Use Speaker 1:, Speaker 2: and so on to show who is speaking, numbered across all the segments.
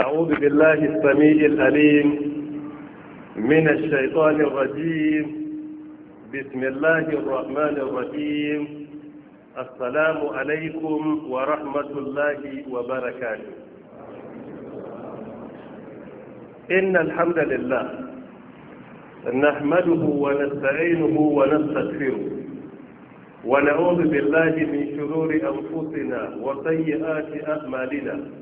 Speaker 1: أعوذ بالله السميع الأليم من الشيطان الرجيم بسم الله الرحمن الرحيم السلام عليكم ورحمة الله وبركاته إن الحمد لله نحمده ونستعينه ونستغفره ونعوذ بالله من شرور أنفسنا وسيئات أعمالنا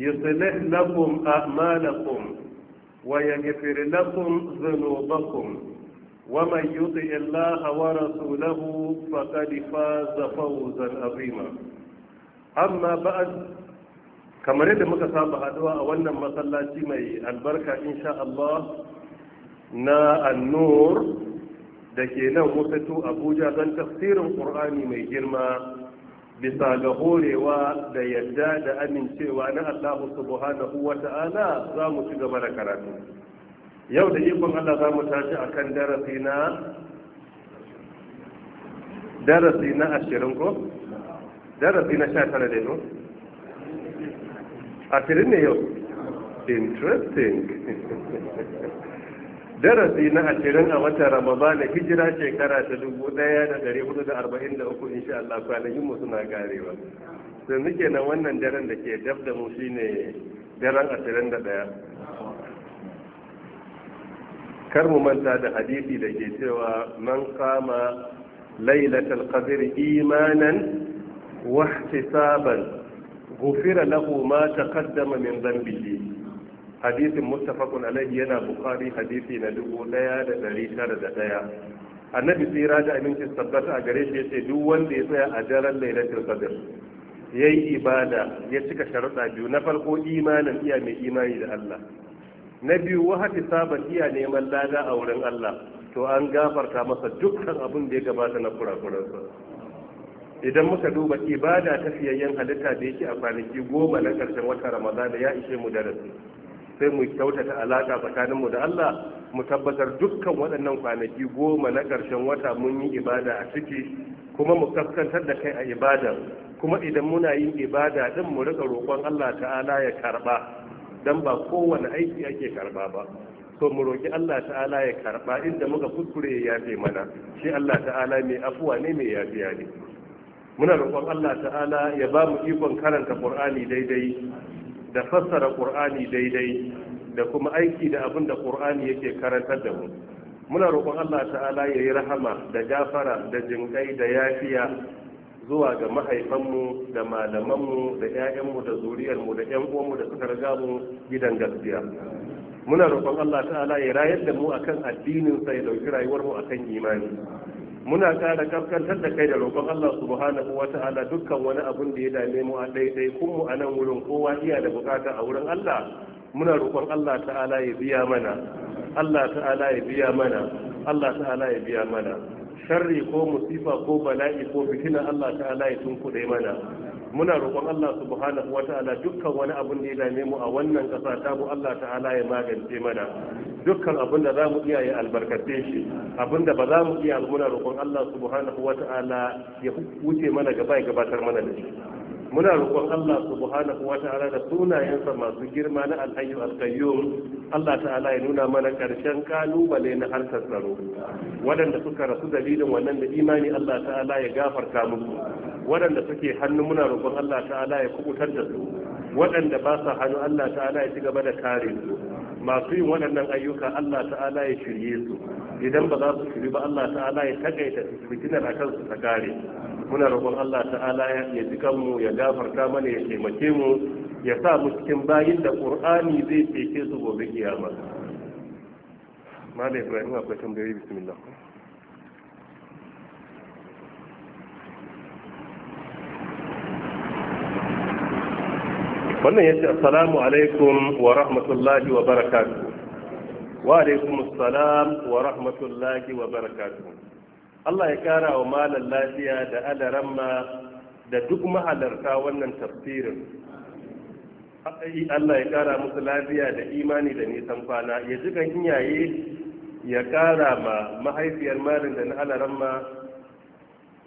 Speaker 1: يصلح لكم أعمالكم ويغفر لكم ذنوبكم ومن يطع الله ورسوله فقد فاز فوزا عظيما أما بعد kamar yadda muka saba haduwa a wannan masallaci mai albarka insha Allah na annur da ke nan wutatu abuja don tafsirin ƙur'ani mai girma bisa ga horewa da yadda da amincewa na Allah subhanahu wa ta'ala za mu ci gaba da karatu yau da ikon Allah za mu tashi a kan darasi na darasi na ashirin ko? darasi na sha tara da yau? ashirin ne yau interesting darasi na ashirin a watan ramadana hijira shekara ta dubu daya da dari hudu da arba'in da uku insha Allah kwanakin mu suna karewa yanzu nan wannan daren da ke daf da mu shine daren ashirin da daya kar mu manta da hadisi da ke cewa man kama lailatul qadr imanan wa ihtisaban ghufira lahu ma taqaddama min dhanbihi hadisin muttafaqun alaihi yana bukhari hadisi na dubu ɗaya da dari tara da ɗaya annabi tsira da aminci tabbata a gare shi yace duk wanda ya tsaya a daren lailatul qadr yayi ibada ya cika sharuɗa biyu na farko imanin iya mai imani da Allah na biyu wahati saban iya neman lada a wurin Allah to an gafarta masa dukkan abin da ya gabata na kurakuransa idan muka duba ibada ta fiyayyen halitta da yake a kwanaki goma na ƙarshen wata ramadana ya ishe mu darasi sai mu kyautata tsakanin mu da Allah mu tabbatar dukkan waɗannan kwanaki goma na ƙarshen wata mun yi ibada a ciki kuma mu kaskantar da kai a ibada kuma idan muna yin ibada din mu riƙa roƙon Allah ta'ala ya karɓa dan ba kowane aiki ake karɓa ba to mu roƙi Allah ta'ala ya karɓa inda muka kuskure ya yafe mana shi Allah ta'ala mai afuwa ne mai yafiya ne muna roƙon Allah ta'ala ya ba mu ikon karanta Qur'ani daidai da fassara ƙur'ani daidai da kuma aiki da abin da ƙur'ani yake karantar da mu muna roƙon Allah ta'ala ya yi rahama da gafara da jinƙai da yafiya zuwa ga mahaifanmu da malamanmu da 'ya'yanmu da zuriyarmu da 'yan uwanmu da suka riga mu gidan gaskiya muna roƙon Allah ta'ala ya rayar da mu akan addinin ya ɗauki rayuwar akan imani muna kara karkantar da kai da roƙon Allah subhanahu wa ta'ala dukkan wani abun da ya dame mu a daidai kun mu a nan wurin kowa iya da bukata a wurin Allah muna roƙon Allah ta'ala ya biya mana Allah ta'ala ya biya mana Allah ta'ala ya biya mana sharri ko musifa ko bala'i ko fitina Allah ta'ala ya tunkuɗe mana muna roƙon Allah subhanahu ta'ala dukkan wani abun da ya dame mu a wannan ƙasa ta mu Allah ta'ala ya magance mana dukkan abun da mu iya ya albarkace shi abun da ba za mu iya muna roƙon Allah subhanahu ta'ala ya wuce mana gaba ya gabatar mana da shi muna roƙon Allah subhanahu wa ta'ala da sunayensa masu girma na alhayyu al-qayyum Allah ta'ala ya nuna mana ƙarshen kalubale na harkar tsaro waɗanda suka rasu dalilin wannan da imani Allah ta'ala ya gafarta musu waɗanda suke hannu muna roƙon Allah ta'ala ya kubutar da su waɗanda ba sa hannu Allah ta'ala ya ci gaba da kare su masu yin waɗannan ayyuka Allah ta'ala ya shirye su idan ba za su shiri ba Allah ta'ala ya takaita fitinar akan su ta kare muna roƙon Allah ta'ala ya ji kanmu ya gafarta mana ya taimake mu ya sa mu cikin bayin da Qur'ani zai cece su gobe kiyama Malam Ibrahim akwai tambayoyi bismillah wannan ya ce assalamu alaikum wa rahmatullahi wa barakatuh wa alaikum assalam wa rahmatullahi wa barakatuh Allah ya kara wa malar lafiya da alaramma da duk mahalarta wannan tafsirin Allah ya kara musu lafiya da imani da nisan kwana ya ji kan iyaye ya kara ma mahaifiyar malin da na alaramma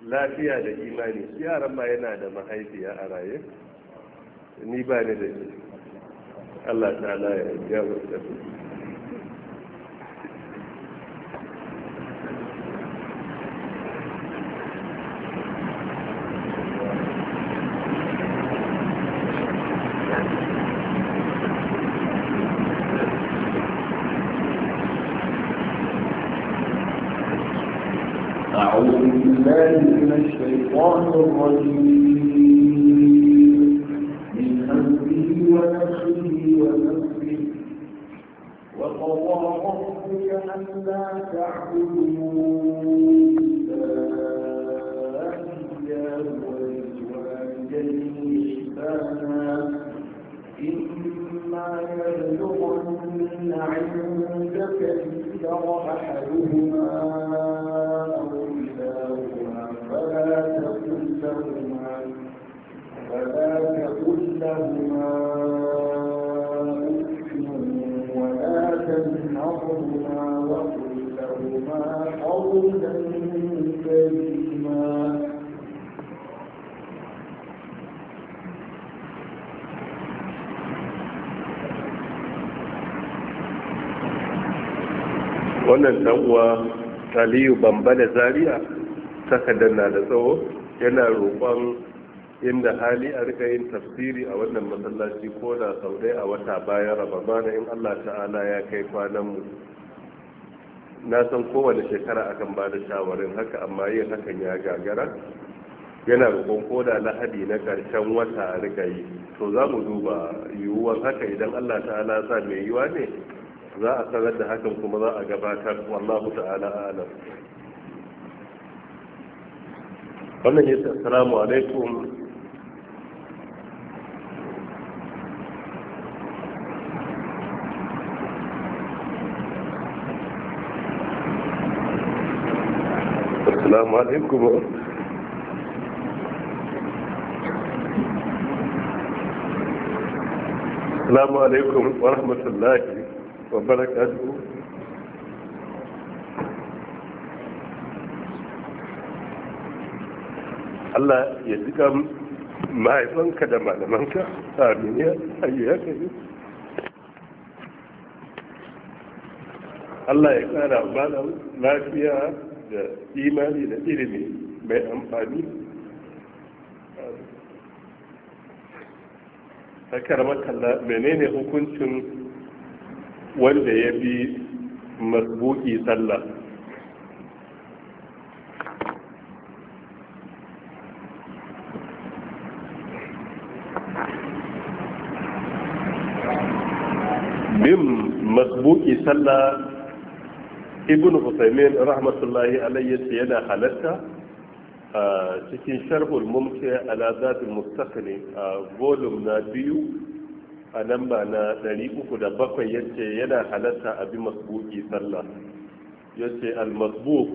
Speaker 1: lafiya da imani Yaran ma yana da mahaifiya a raye ni ba ni da shi Allah ta'ala ya yi da su الظلم dan uwa aliyu da zariya takardar na da tsawo yana roƙon inda hali a rika yin tafsiri a wannan masallaci ko da sau a wata bayan rababana in allah ta'ala ya kai kwanan mu na san kowane shekara akan ba da shawarin haka amma yin hakan ya gagara yana roƙon ko da lahadi na ƙarshen wata a rika yi to za mu duba yiwuwar haka idan allah ta'ala sa mai yiwa ne za a sanar da hakan kuma za a gabatar wallahu ta'ala alam wannan yace assalamu alaikum assalamu alaikum السلام عليكم ورحمة الله وبركاته Allah ya jika mahaifanka da malamanka a duniya ayyuka ne Allah ya kara malam lafiya da imani da ilimi mai amfani a karamar kalla menene hukuncin wanda ya bi masbuki sallah bin masbuki sallah ibn husaymin rahmatullahi alayhi yana halatta a cikin sharhul mumti ala zatul mustaqni a volume na biyu a lamba na 307 yace yana halatta bi masbuki sallah yace al-masbuk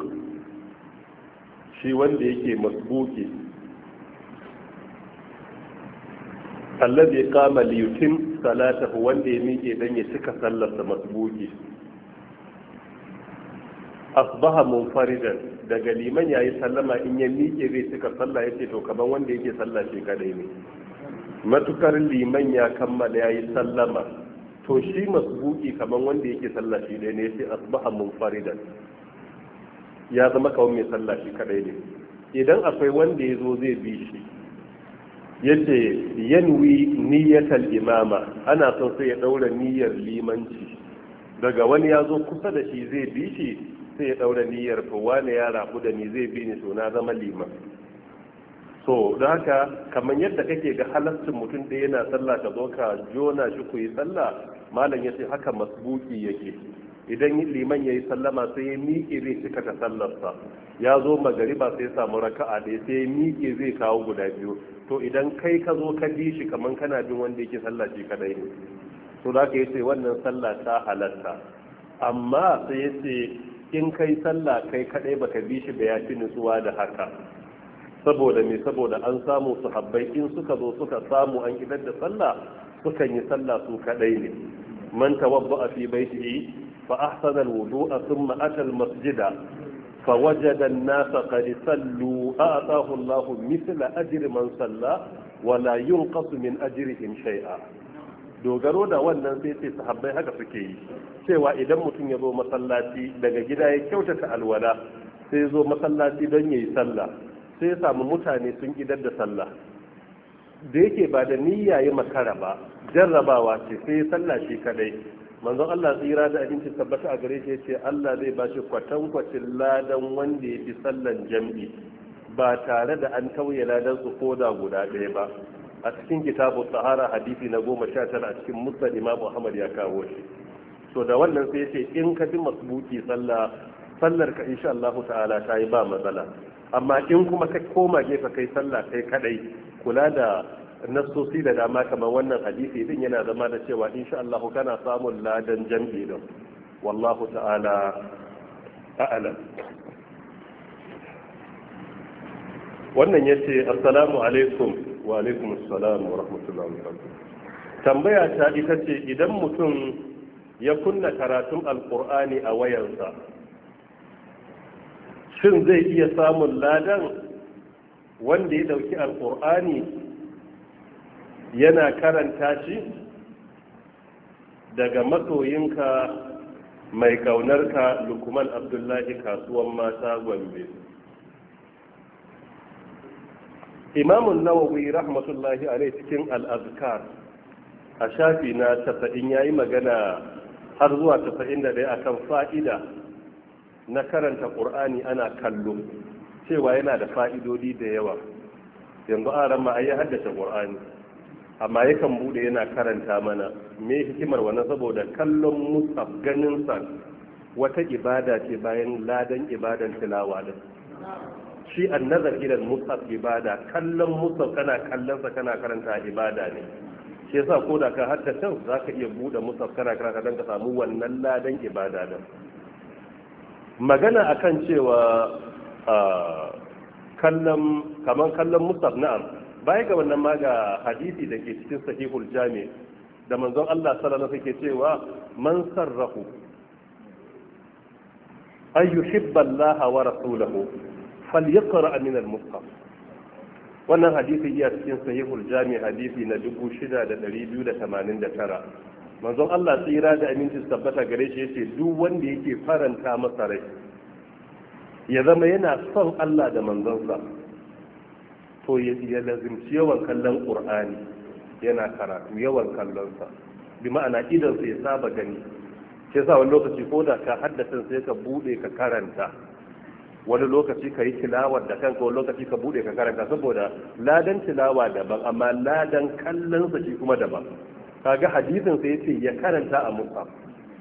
Speaker 1: shi wanda yake masbuki alladhi kama liyutin salata salatahu wanda ya miƙe don ya cika sallarsa masbuki asbaha munfaridan daga liman yayi sallama in ya miƙe zai cika sallah yace to kaman wanda yake sallah shi kadai ne matukar liman ya kammala ya yi sallama to shi masbuki kamar wanda yake sallah shi ɗaya ne sai asbaha munfaridan ya zama kawai mai sallah kadai ne idan akwai wanda ya zo zai bi shi yace yanwi niyyatar imama ana son sai ya daura niyyar limanci daga wani ya zo kusa da shi zai bi shi sai ya daura niyyar to wani ya rafu da ni zai bi ni to na zama liman so don haka kamar yadda kake ga halastin mutum ɗaya yana sallah ka zo ka jona shi ku yi sallah malam ya ce haka masbuki yake idan liman ya yi sallama sai ya miƙe zai cika ta sallarsa ya zo magariba sai ya samu raka'a da sai ya miƙe zai kawo guda biyu to idan kai ka zo ka bi shi kamar kana bin wanda yake sallah shi kadai ne to da ka sai wannan sallah ta halatta amma sai ya ce in kai sallah kai kadai baka bi shi da ya fi nutsuwa da haka saboda me saboda an samu sahabbai in suka zo suka samu an idar da sallah sukan yi sallah su kadai ne man tawadda fi baitihi fa ahsana alwudu'a thumma ata almasjida fa wajada an-nasa qad sallu a'tahu Allahu mithla ajri man salla wa la yunqasu min ajrihim shay'a dogaro da wannan sai sai sahabbai haka suke yi cewa idan mutum ya zo masallaci daga gida ya kyautata alwala sai zo masallaci don yayi sallah sai ya samu mutane sun idar da sallah da yake ba da niyya yi makara ba jarrabawa ce sai ya sallah shi kadai manzon Allah tsira da abinci tabbata a gare shi yace Allah zai ba shi kwatankwacin ladan wanda ya fi sallan jam'i ba tare da an tauye ladan su ko da guda ɗaya ba a cikin kitabu sahara hadisi na goma sha tara a cikin musnad imam muhammad ya kawo shi to da wannan sai yace in ka bi masbuki sallah sallar ka insha Allah ta'ala ta yi ba matsala amma in kuma ka koma gefe kai sallah kai kadai kula da nassosi da dama kamar wannan hadisi din yana zama da cewa insha Allah kana samun ladan jam'i din wallahu ta'ala a'lam wannan yace assalamu alaikum wa alaikum assalam wa rahmatullahi wa barakatuh tambaya ta ita ce idan mutum ya kunna karatun alqur'ani a wayarsa shin zai iya samun ladan wanda ya dauki alkur'ani yana karanta shi daga masoyinka mai kaunarka lukman abdullahi kasuwan mata gombe imamun nawawi rahmatullahi alai cikin al'azkar a shafi na tasa'in ya yi magana har zuwa tasa'in da ɗaya akan fa'ida na karanta ƙur'ani ana kallo cewa yana da fa'idodi da yawa yanzu a ran a yi haddace ƙur'ani amma yakan bude yana karanta mana me hikimar wannan saboda kallon musaf ganin sa wata ibada ce bayan ladan ibadan tilawa da shi nazar idan musaf ibada kallon musaf kana kallon sa kana karanta ibada ne shi yasa ko da ka haddace za ka iya bude musaf kana karanta dan ka samu wannan ladan ibada da magana akan cewa kallon kaman kallon musab na'am baya ga wannan ma ga hadisi da ke cikin sahihul jami da manzon Allah sallallahu alaihi wasallam cewa man sarrahu ay yuhibba Allah wa rasulahu falyaqra min al musab wannan hadisi ya cikin sahihul jami hadisi na 6289 manzon Allah tsira da aminci tabbata gare shi yace duk wanda yake faranta masa rai ya zama yana son Allah da manzonsa to ya lazimci yawan kallon Qur'ani yana karatu yawan kallonsa bi ma'ana idan ya saba gani sai sa wani lokaci ko da ka haddace sai ka bude ka karanta wani lokaci ka yi tilawar da kanka wani lokaci ka bude ka karanta saboda ladan tilawa daban amma ladan kallonsa shi kuma daban kaga hadisin sai yace ya karanta a Musa.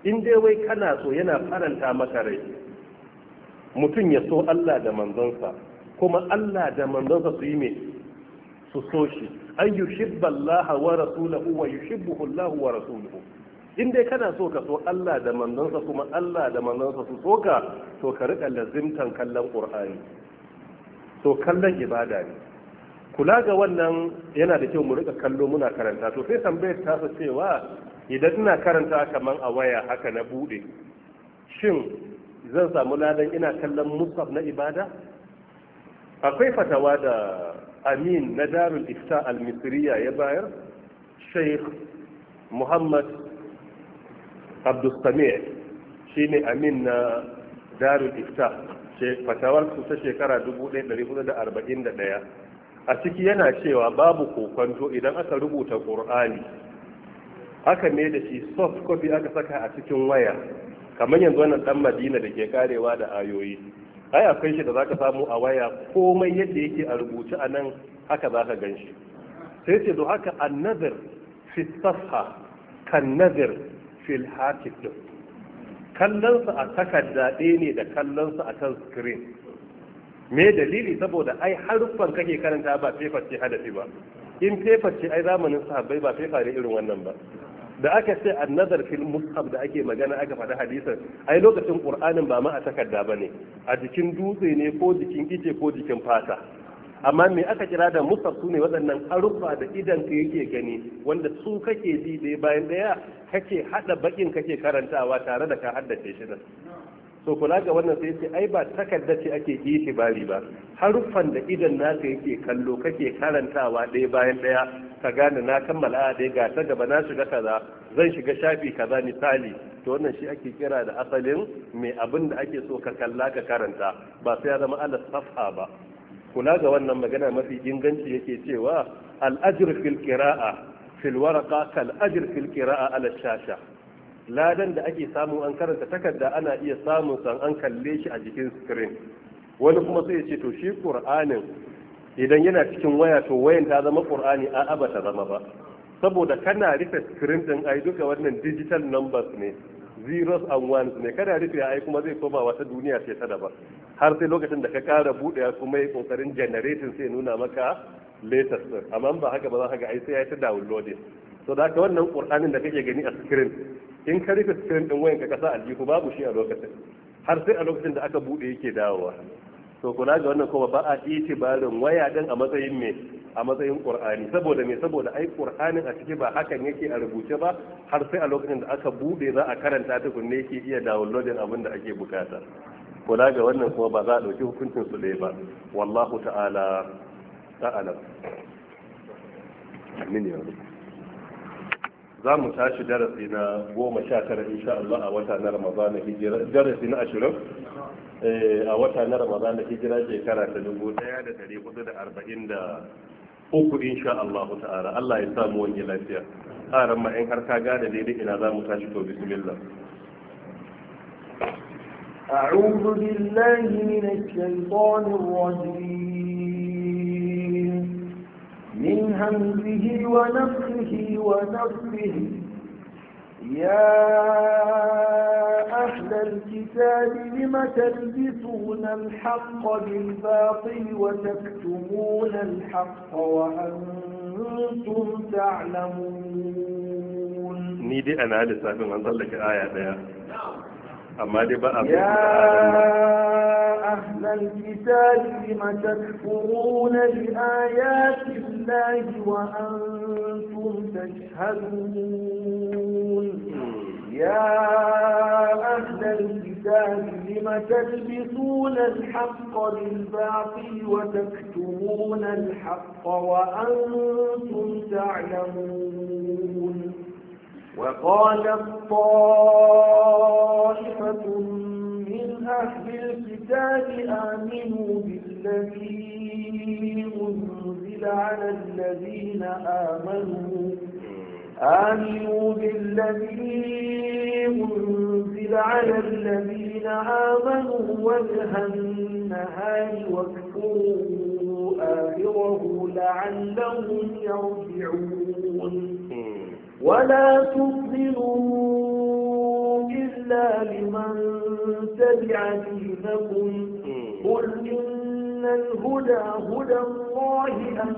Speaker 1: in dai wai kana so yana faranta maka rai mutum ya so Allah da manzonsa kuma Allah da manzonsa su yi me su so shi an yushibba Allah wa rasuluhu wa yushibbuhu Allah wa rasuluhu in dai kana so ka so Allah da manzonsa kuma Allah da manzonsa su so ka to ka rika lazimtan kallon Qur'ani to kallon ibada ne kula ga wannan yana da kyau mu rika kallo muna karanta to sai tambayar ta su cewa idan ina karanta kaman a waya haka na bude shin zan samu ladan ina kallon musaf na ibada akwai fatawa da amin na darul ifta al-misriya ya bayar sheikh muhammad abdulsamir shi ne amin na darul ifta fatawar su ta shekara 1441 a ciki yana cewa babu kokonto idan aka rubuta ƙur'ani aka ne da shi soft copy aka saka a cikin waya kamar yanzu wannan dan madina da ke karewa da ayoyi ai akwai shi da zaka samu a waya komai yadda yake a rubuce a nan haka zaka gan shi sai ce do haka annazir fi safha kan nazir fil hatif kallonsa a takarda ɗaya ne da kallonsa a kan screen me dalili saboda ai haruffan kake karanta ba fefa ce hadafi ba in fefa ce ai zamanin sahabbai ba fefa ne irin wannan ba da aka ce annazar fil mushaf da ake magana aka faɗi hadisin ai lokacin qur'anin ba ma a takarda bane a jikin dutse ne ko jikin ice ko jikin fata amma me aka kira da mushaf su ne waɗannan haruffa da idan ka yake gani wanda su kake ji ɗaya bayan ɗaya kake haɗa bakin kake karantawa tare da ka haddace shi da to kula ga wannan sai sai, ai ba takarda ce ake kishi bari ba haruffan da idan naka yake kallo kake karantawa ɗaya bayan ɗaya ka gane na kammala a ɗaya ga ta gaba na shiga kaza zan shiga shafi kaza misali to wannan shi ake kira da asalin mai abin da ake so ka kalla ka karanta ba sai ya zama ala safa ba kula ga wannan magana mafi inganci yake cewa al-ajr fil qira'a fil waraqa kal ajr fil qira'a ala shasha ladan da ake samu an karanta takarda ana iya samun san an kalle shi a jikin screen wani kuma sai ya ce to shi qur'anin idan yana cikin waya to wayan ta zama qur'ani a bata ta zama ba saboda kana rufe screen din ai duka wannan digital numbers ne zeros and ones ne kana rufe ai kuma zai koma wata duniya ce ta daban har sai lokacin da ka kara buɗe kuma yi kokarin generating sai nuna maka latest din amma ba haka ba za ka ga ai sai ya ta downloading so da haka wannan qur'anin da kake gani a screen in ka rufe screen din wayanka ka sa aljihu babu shi a lokacin har sai a lokacin da aka bude yake dawowa to kula ga wannan kuma ba a itibarin waya din a matsayin me a matsayin qur'ani saboda me saboda ai qur'anin a ciki ba hakan yake a rubuce ba har sai a lokacin da aka bude za a karanta tukunne yake iya downloading abin da ake bukata kula ga wannan kuma ba za a dauki hukuncin su dai ba wallahu ta'ala ta'ala amin ya rabbi za mu tashi darasi na goma sha tara insha Allah a wata na Ramadan hijira darasi na ashirin eh, a wata na Ramadan hijira shekara ta dubu daya da ɗari hudu da arba'in da uku insha Allah ta'ala Allah ya samu wani lafiya a ramma in har ka gane daidai ina za mu tashi to bismillah
Speaker 2: أعوذ بالله من الشيطان الرجيم همزه ونفسه ونفسه يا أهل الكتاب لم تلبسون الحق بالباطل وتكتمون الحق وأنتم تعلمون
Speaker 1: ني دي أنا لسافر من ضلك آية ديا نعم. يا
Speaker 2: أهل الكتاب لم تكفرون بآيات الله وأنتم تشهدون يا أهل الكتاب لم تلبسون الحق بالباطل وتكتمون الحق وأنتم تعلمون
Speaker 1: وقالت
Speaker 2: طائفة من أهل الكتاب آمنوا بالذي أنزل على الذين آمنوا آمنوا بالذي أنزل على الذين آمنوا وجه النهار واكفروا آخره لعلهم يرجعون ولا تظلموا إلا لمن تبع دينكم قل إن الهدى هدى الله أن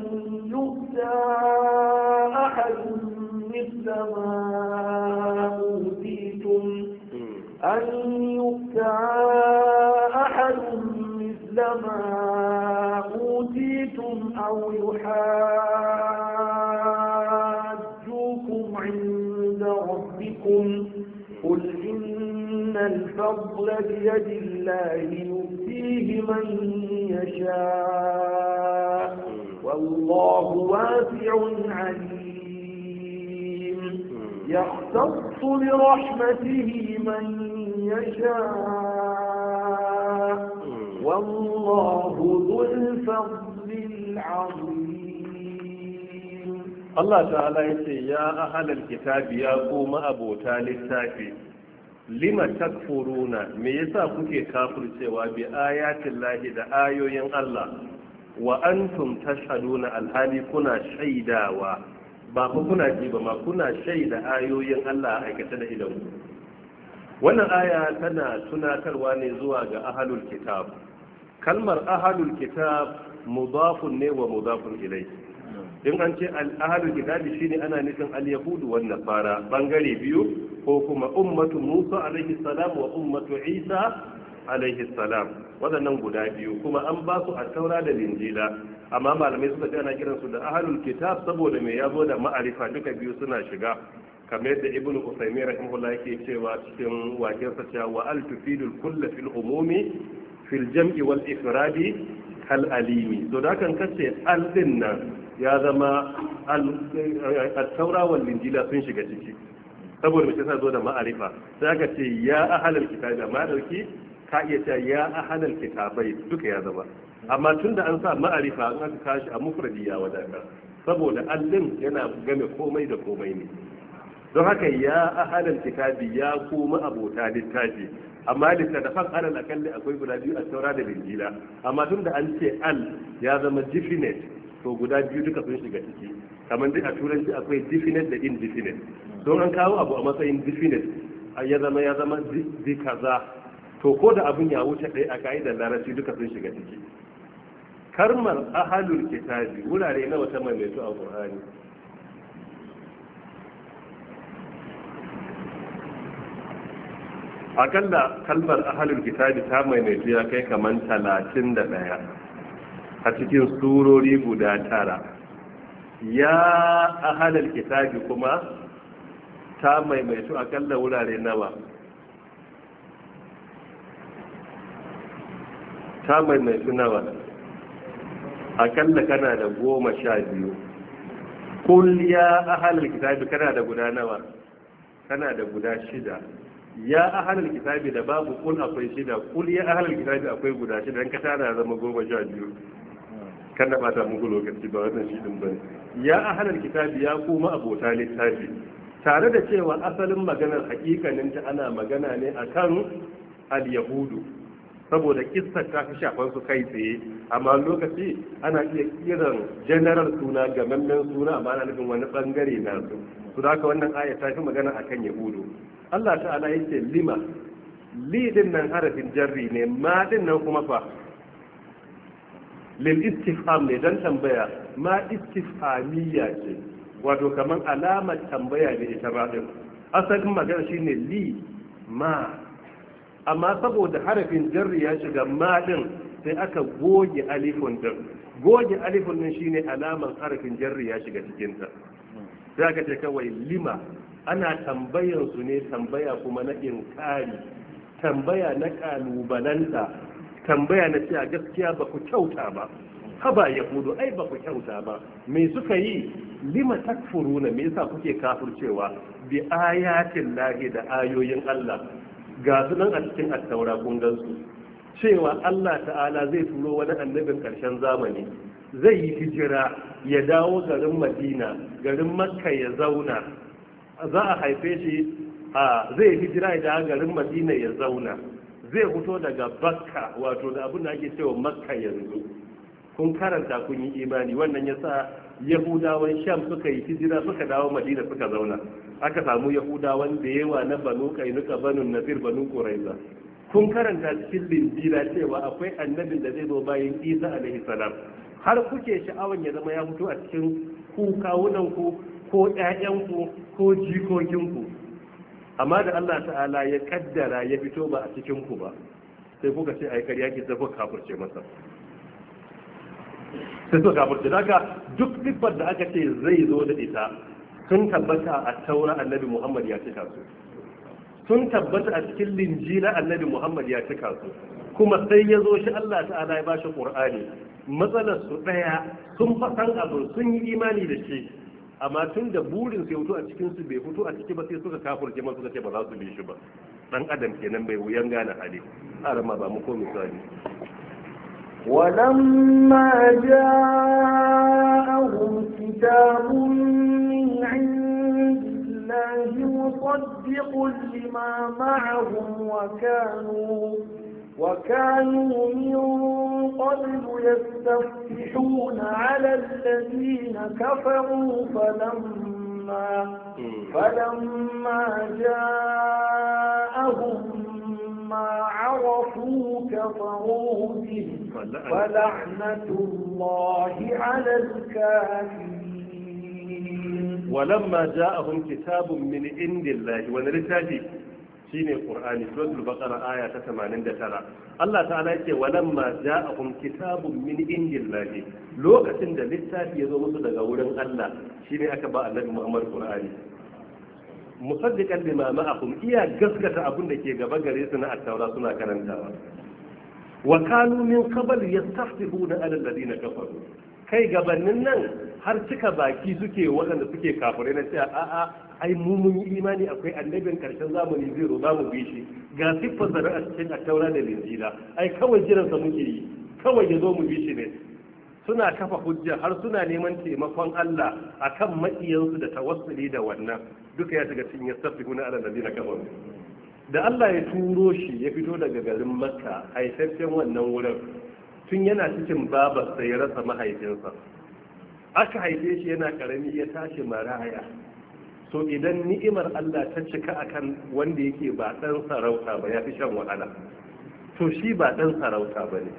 Speaker 2: يؤتى أحد مثل ما أوتيتم أن يؤتى أحد مثل ما أوتيتم أو يحاسب عند ربكم قل إن الفضل بيد الله يؤتيه من يشاء والله واسع عليم يختص برحمته من يشاء والله ذو الفضل العظيم
Speaker 1: Allah ta'ala ya ce ya ahalar kitabi ya koma abota littafi lima takfuruna me yasa kuke kafircewa bi ayatin lahi da ayoyin Allah wa antum tashhaduna alhali kuna shaidawa ba ku kuna ji ba ma kuna shaida ayoyin Allah a aikata da idan wannan aya tana tunatarwa ne zuwa ga ahalul kitab kalmar ahalul kitab mudafun ne wa mudafun ilayhi in an ce al'ahalul kitabi shine ana nufin al-yahudu wan nasara bangare biyu ko kuma ummatu musa alaihi salam wa ummatu isa alaihi salam wadannan guda biyu kuma an ba su taura da linjila amma malamai suka ce ana kiransu da ahalul kitab saboda me yazo da ma'arifa duka biyu suna shiga kamar yadda ibn usaymi rahimahullah yake cewa cikin waken sa cewa wa al tufidul kull fil umumi fil jam'i wal ifradi kal alimi to da kan kace al din nan ya zama al-taura wal injila sun shiga ciki saboda mace sa zo da ma'arifa sai aka ce ya ahalal kitabi amma dauki ka iya cewa ya ahalal kitabai duka ya zama amma tunda an sa ma'arifa an aka kashi a mufradi ya wadata saboda allin yana game komai da komai ne don haka ya ahalal kitabi ya koma abota littafi amma littattafan alal akalli akwai guda biyu a taura da linjila amma da an ce al ya zama jifinet to guda biyu duka sun shiga ciki kamar duk a turanci akwai definite da indefinite don an kawo abu a matsayin definite ya zama ya zama di kaza to ko da abin ya wuce ɗaya a ka'idar larabci duka sun shiga ciki karmar ahalul kitabi wurare nawa ta maimaito a qur'ani akalla kalmar ahalul kitabi ta maimaito ya kai kamar talatin da ɗaya a cikin surori guda tara ya ahalar kitabi kuma ta maimaitu akalla wurare nawa ta maimaitu nawa akalla kana da goma sha biyu kul ya ahalar kitabi kana da guda nawa kana da guda shida ya ahalar kitabi da babu kun akwai shida kul ya ahalar kitabi akwai guda shida don ka tara zama goma sha biyu kada ba ta muku lokaci ba wannan shi din bane ya ahlal kitabi ya kuma abota littafi tare da cewa asalin maganar hakikanin ta ana magana ne akan al-yahudu saboda kissa ta fi shafan su kai tsaye amma lokaci ana iya kiran general suna gamammen suna amma ana nufin wani bangare na su su da wannan aya ta fi magana akan yahudu Allah ta'ala yake lima li nan harafin jarri ne ma din nan kuma fa lil ne don tambaya ma istifhamiyya ce wato kaman alamar tambaya ne ita raɗin din asalin magana shine li ma amma saboda harafin jarri ya shiga ma sai aka goge alifun din goge alifun din shine alamar harafin jarri ya shiga cikinta ta sai ce kawai lima ana tambayan su ne tambaya kuma na inkari tambaya na kalubalanta tambaya na ce a gaskiya ba ku kyauta ba haba ya hudu ai ba ku kyauta ba me suka yi lima takfuru na me yasa kuke kafircewa bi ayatin lahi da ayoyin Allah ga su nan a cikin attaura kun su cewa Allah ta'ala zai turo wani annabin karshen zamani zai yi hijira ya dawo garin Madina garin Makka ya zauna za a haife shi a zai hijira ya dawo garin Madina ya zauna zai fito daga bakka wato da abin da ake cewa makka yanzu kun karanta kun yi imani wannan ya sa yahudawan sham suka yi hijira suka dawo madina suka zauna aka samu yahudawan da yawa na banu kainuka banu nazir banu quraiza kun karanta cikin linjila cewa akwai annabin da zai zo bayan isa alaihi salam har kuke sha'awan ya zama ya fito a cikin ku kawunan ko ƴaƴanku ko jikokinku amma da Allah ta'ala ya kaddara ya fito ba a cikin ku ba sai kuka ce ai kariya ki zafi kafirce masa sai suka kafirce daga duk siffar da aka ce zai zo da ita sun tabbata a taura annabi Muhammad ya cika su sun tabbata a cikin linjila annabi Muhammad ya cika su kuma sai ya zo shi Allah ta'ala ya bashi Qur'ani matsalar su daya sun fasan abu sun yi imani da shi amma tun da burin sai fito a cikin su bai fito a ciki ba sai suka kafurce masu suka ce ba za su bi shi ba dan adam kenan bai wuyan gane hali arama ba mu ko misali
Speaker 2: ولما جاءهم كتاب من عند الله مصدق wa وكانوا من قبل يستفتحون على الذين كفروا فلما فلما جاءهم ما عرفوا كفروا به فلعنة الله على الكافرين
Speaker 1: ولما جاءهم كتاب من عند الله ونرتاجه shine qur'ani suratul baqara aya ta 89 Allah ta'ala yake walamma ja'akum kitabun min indillahi lokacin da littafi ya zo musu daga wurin Allah shine aka ba annabi Muhammad qur'ani musaddiqan lima ma'akum iya gaskata abin da ke gaba gare su na attaura suna karantawa wa kanu min qabl yastahfihuna ala alladhina kafaru kai gabanin nan har cika baki suke waɗanda suke kafirai na cewa a'a ai mu mun yi imani akwai annabin karshen zamani zai zo za mu bi shi ga siffar zara a cikin attaura da linjila ai kawai sa muke yi kawai ya zo mu bi shi ne suna kafa hujja har suna neman taimakon Allah akan maƙiyansu da tawassuli da wannan duka ya shiga cikin yastafihuna ala ladina kafaru da Allah ya turo shi ya fito daga garin Makka haifaffen wannan wurin tun yana cikin babar babarsa ya rasa mahaifinsa aka haife shi yana karami ya tashi maraya To idan ni'imar Allah ta cika akan wanda yake ba dan sarauta ba ya fi shan wahala to shi ba dan sarauta ba ne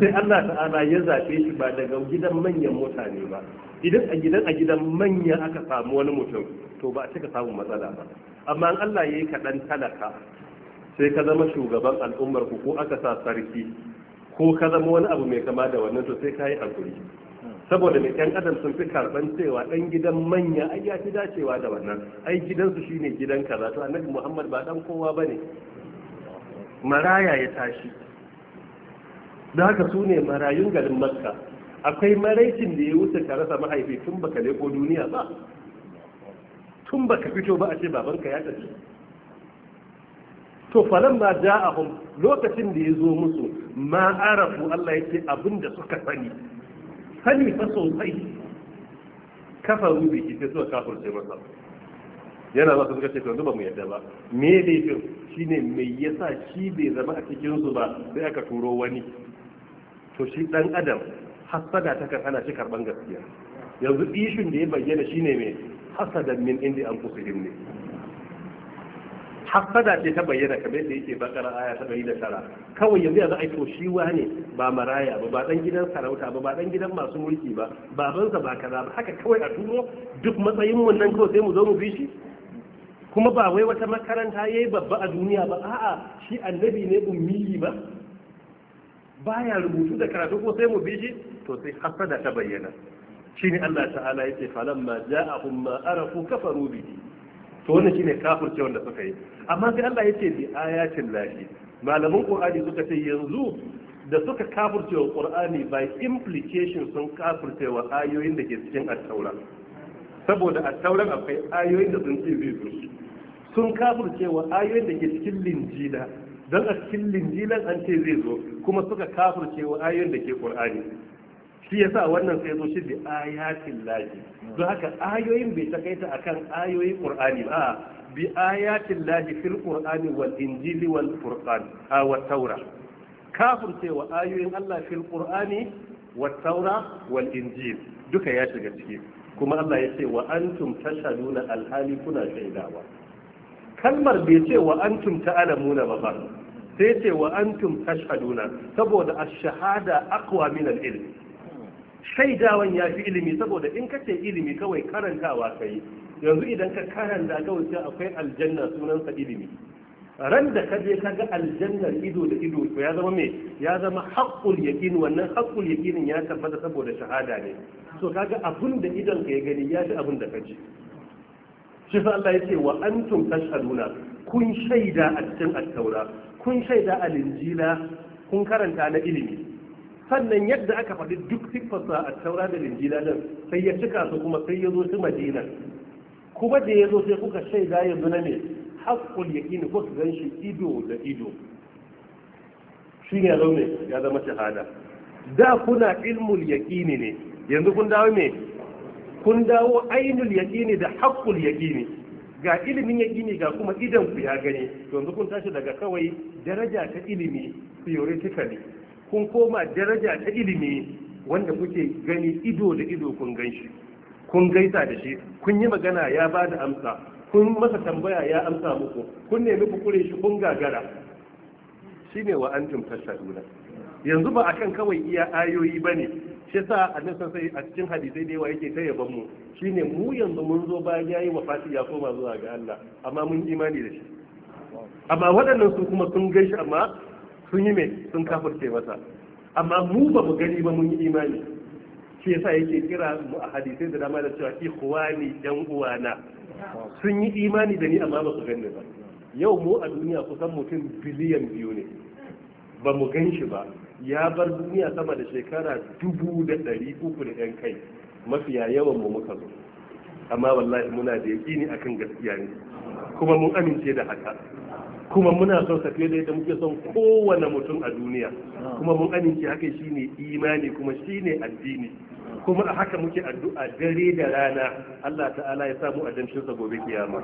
Speaker 1: sai Allah ta'ala ya zafe shi ba daga gidan manyan mutane ba idan a gidan a gidan manya aka samu wani mutum to ba a cika samun matsala ba amma in Allah ya yi kaɗan talaka sai ka zama shugaban al'ummar ku ko aka sa sarki ko ka zama wani abu mai kama da wannan to sai ka yi hakuri saboda mai yan adam sun fi karban cewa dan gidan manya ai ya fi dacewa da wannan ai gidansu shine gidan kaza to annabi muhammad ba dan kowa bane maraya ya tashi da haka su ne marayun garin makka akwai maraicin da ya wuce tare rasa mahaifi tun baka leko duniya ba tun baka fito ba a ce babanka ya tafi to falan ma ja'ahum lokacin da ya zo musu ma arafu Allah yake abin da suka sani sani ta sosai kafaru bi shi sai suka sai masa yana za su suka ce yanzu ba mu yadda ba me laifin shine me yasa shi bai zama a cikin su ba sai aka turo wani to shi dan adam hasada ta kan hana shi karban gaskiya yanzu ishin da ya bayyana shine mai hasadan min indi an ne hassada ce ta bayyana kamar yadda yake bakar aya ta bayyana tara kawai yanzu yanzu ai to shi wane ba maraya ba ba dan gidan sarauta ba ba dan gidan masu mulki ba babansa ba kaza ba haka kawai a turo duk matsayin mu nan kawai sai mu zo mu bi shi kuma ba wai wata makaranta yayi babba a duniya ba a'a shi annabi ne ummi ba baya rubutu da karatu ko sai mu bi shi to sai hassada ta bayyana shine Allah ta'ala yake falamma ja'ahum ma arafu kafaru bihi to wannan shine kafirce wanda suka yi amma sai Allah yace bi ayatin lahi malaman qur'ani suka ce yanzu da suka kafirce wa qur'ani by implication sun kafirce wa ayoyin da ke cikin at-taura saboda at taura akwai ayoyin da sun ce su sun kafirce wa ayoyin da ke cikin linjila dan a cikin linjilan an ce zai zo kuma suka kafirce wa ayoyin da ke qur'ani shi yasa wannan sai zo shi bi ayatin lahi don haka ayoyin bai ta takaita akan ayoyin qur'ani ba bi ayatin lahi fil qur'ani wal injili wal furqan a wat taura kafin cewa ayoyin Allah fil qur'ani wat taura wal injil duka ya shiga ciki kuma Allah ya ce wa antum tashhaduna alhali kuna shaidawa kalmar bai ce wa antum ta'lamuna ba sai ce wa antum tashhaduna saboda ash-shahada aqwa min al-ilm shaidawan ya fi ilimi saboda in ka ce ilimi kawai karantawa ka yi yanzu idan ka karanta kawai wuce akwai aljanna sunansa ilimi ran da ka je ka ga aljannar ido da ido to ya zama me ya zama haqqul yaqin wannan haqqul ya tabbata saboda shahada ne so kaga abun da idon ka ya gani ya fi abun da ka ji shi fa Allah ce wa antum tashhaduna kun shaida a cikin at-taura kun shaida a injila kun karanta na ilimi sannan yadda aka faɗi duk siffarsa a taura da linjila nan sai ya cika su kuma sai ya zo su madina kuma da ya zo sai kuka shaida yanzu na ne haƙƙul yaƙini ko su gan shi ido da ido shi ne ya ya zama shahada da kuna ilmul yaƙini ne yanzu kun dawo me kun dawo ainul yaƙini da haƙƙul yaƙini ga ilimin ya gini ga kuma idan ku ya gani yanzu kun tashi daga kawai daraja ta ilimi theoretically kun koma daraja ta ilimi wanda kuke gani ido da ido kun gan shi kun gaisa da shi kun yi magana ya ba da amsa kun masa tambaya ya amsa muku kun nemi ku shi kun gagara Shi ne wa antum tashaduna yanzu ba akan kawai iya ayoyi ba bane shi nan san sai a cikin hadisai da yawa yake ta yaban mu Shi ne mu yanzu mun zo ba ya yayi wafati ya koma zuwa ga Allah amma mun imani da shi amma waɗannan su kuma sun gaishe amma sun yi mai sun kafirce masa amma mu ba mu gani ba mun yi imani shi yasa yake kira mu a hadisai da dama da cewa ikhwani yan uwana sun yi imani da ni amma ba su gani ba yau mu a duniya kusan mutum biliyan biyu ne ba mu gan shi ba ya bar duniya sama da shekara dubu da ɗari uku da ɗan kai mafiya yawan mu muka zo amma wallahi muna da yaƙini akan gaskiya ne kuma mun amince da haka kuma muna son sa fiye da yadda muke son kowane mutum a duniya kuma mun amince haka shine imani kuma shine addini kuma a haka muke addu'a dare da rana Allah ta'ala ya samu adamshin sa gobe kiyama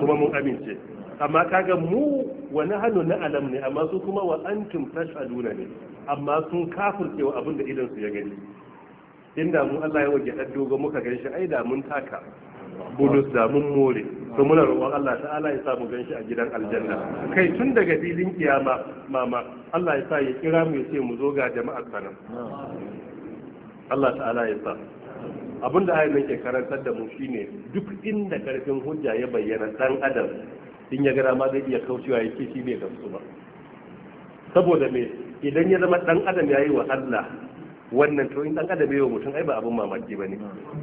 Speaker 1: kuma mun amince amma kaga mu wa nahnu na'lam ne amma su kuma wa antum tash'aluna ne amma sun wa abin da idan su ya gani inda mu Allah ya waje dogo muka gani shi ai da mun taka bulus da mun more to muna roƙon Allah ta'ala ya sa mu ganshi a gidan aljanna kai tun daga filin kiyama mama Allah ya sa ya kira mu ya ce mu zo ga jama'ar sana Allah ta'ala ya sa abinda ayin nan ke karantar da mu shine duk inda karfin hujja ya bayyana dan adam in ya gara ma zai iya kaucewa ya ce shi bai gamsu ba saboda me idan ya zama dan adam yayi wa Allah wannan to in dan adam yayin mutum ai ba abin mamaki bane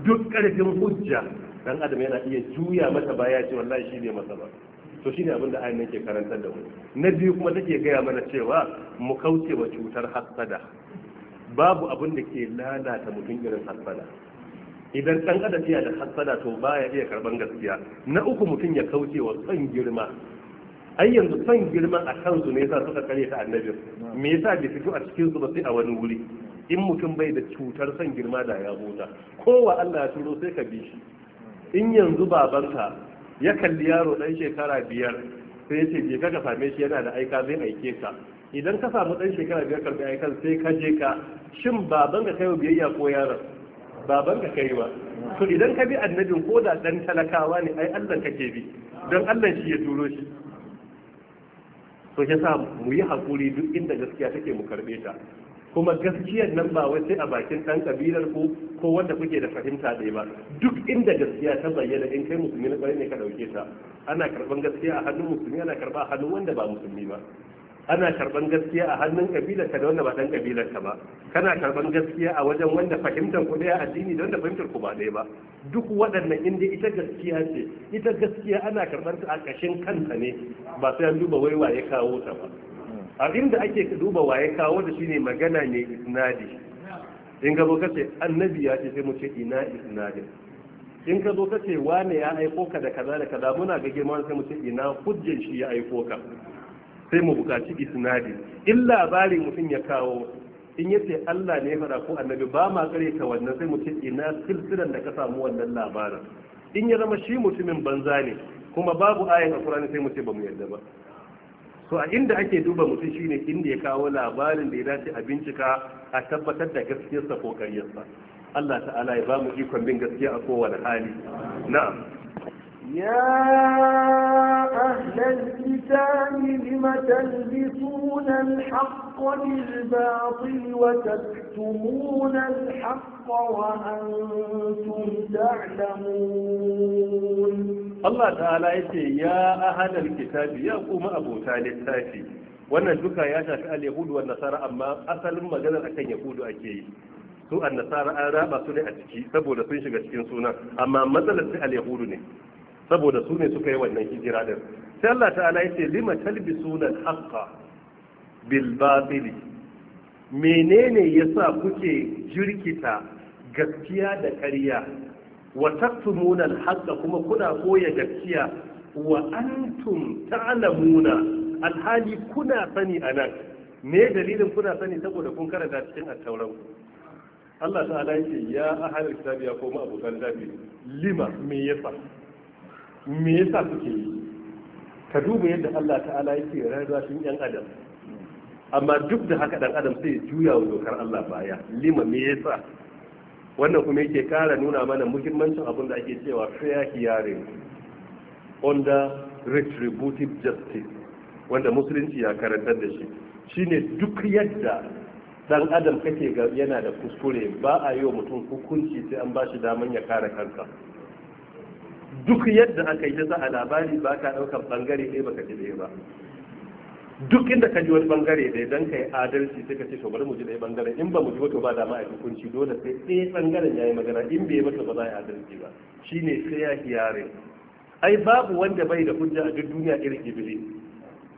Speaker 1: duk karfin hujja dan adam yana iya juya masa baya ce wallahi shi ne masa ba to shine abin da ayin nake karantar da mu na biyu kuma take gaya mana cewa mu kauce wa cutar hasada babu abin da ke lalata mutum irin hasada idan dan adam yana da hasada to baya iya karban gaskiya na uku mutum ya kauce wa son girma ai yanzu son girma a kansu ne yasa suka kare ta annabin me yasa bai fito a cikin su ba sai a wani wuri in mutum bai da cutar son girma da ya mota kowa Allah ya turo sai ka bi shi in yanzu babanka ya kalli yaro dan shekara biyar sai ya ce je ka same shi yana da aika zai aike ka idan ka samu dan shekara biyar karbi aika sai ka je ka shin baban ka kai biyayya ko yaron baban ka kai ba to idan ka bi annabin ko da dan talakawa ne ai Allah kake bi dan Allah shi ya turo shi to ya sa mu yi hakuri duk inda gaskiya take mu karbe ta kuma gaskiyar nan ba wai sai a bakin ɗan kabilar ku ko wanda kuke da fahimta ɗaya ba duk inda gaskiya ta bayyana in kai musulmi na kwarai ne ka ɗauke ta ana karɓan gaskiya a hannun musulmi ana karɓa a hannun wanda ba musulmi ba ana karban gaskiya a hannun kabilar ka da wanda ba dan kabilar ka ba kana karban gaskiya a wajen wanda fahimtar ku daya addini da wanda fahimtar ku ba daya ba duk waɗannan inda ita gaskiya ce ita gaskiya ana karɓar ta a ƙashin kanta ne ba sai an duba wai waye kawo ta ba da ake duba waye kawo da shi ne magana ne isnadi in ka zo ka ce annabi ya ce sai mu ce ina isnadi in ka zo ka ce wane ya aiko ka da kaza da kaza muna ga girman sai mu ce ina hujjan shi ya aiko ka sai mu buƙaci isnadi in labarin mutum ya kawo in ya ce Allah ne fara ko annabi ba ma kare ka wannan sai mu ce ina silsilan da ka samu wannan labarin in ya zama shi mutumin banza ne kuma babu ayin a Qur'ani sai mu ce ba mu yarda ba to a inda ake duba mutum shine inda ya kawo labarin da ya dace a bincika a tabbatar da gaskiyarsa ko karyarsa Allah ta'ala ya ba mu ikon bin gaskiya a kowane hali na'am
Speaker 2: يا أهل الكتاب لم تلبسون الحق بالباطل وتكتمون الحق وأنتم تعلمون
Speaker 1: Allah ta'ala ya ce ya ahalar kitabi ya kuma abota littafi wannan duka ya shafi al-yahudu wa nasara amma asalin maganar akan yahudu ake yi su an nasara an raba su ne a ciki saboda sun shiga cikin sunan amma matsalar sai al-yahudu ne saboda su ne suka yi wannan hijira din sai Allah ta'ala lima talbisuna al-haqqa bil batili menene yasa kuke jirkita gaskiya da ƙarya wa taktumuna al-haqqa kuma kuna koya gaskiya wa antum ta'lamuna alhali kuna sani anan me dalilin kuna sani saboda kun karanta cikin attauran Allah ta'ala ya ahlul kitabi ya koma abukan zabi lima me yasa me yasa suke yi ka duba yadda Allah ta'ala yake rarra shi yan adam amma duk da haka ɗan adam sai juya wa dokar Allah baya lima me yasa wannan kuma yake kara nuna mana muhimmancin abin da ake cewa fair hearing under retributive justice wanda musulunci ya karantar da shi shine duk yadda dan adam kake ga yana da kuskure ba a yi wa mutum hukunci sai an ba shi daman ya kare kanka. duk yadda aka yi ta a labari ba ka ɗaukar ɓangare ɗaya ka ji ɗaya ba duk inda ka ji wani bangare ɗaya don ka yi adalci sai ka ce to mu ji ɗaya bangaren in ba mu ji wato ba da a hukunci dole sai ɗaya bangaren ya yi magana in bai mata ba za a yi adalci ba ne sai ya hiyare ai babu wanda bai da hujja a duk duniya irin gibiri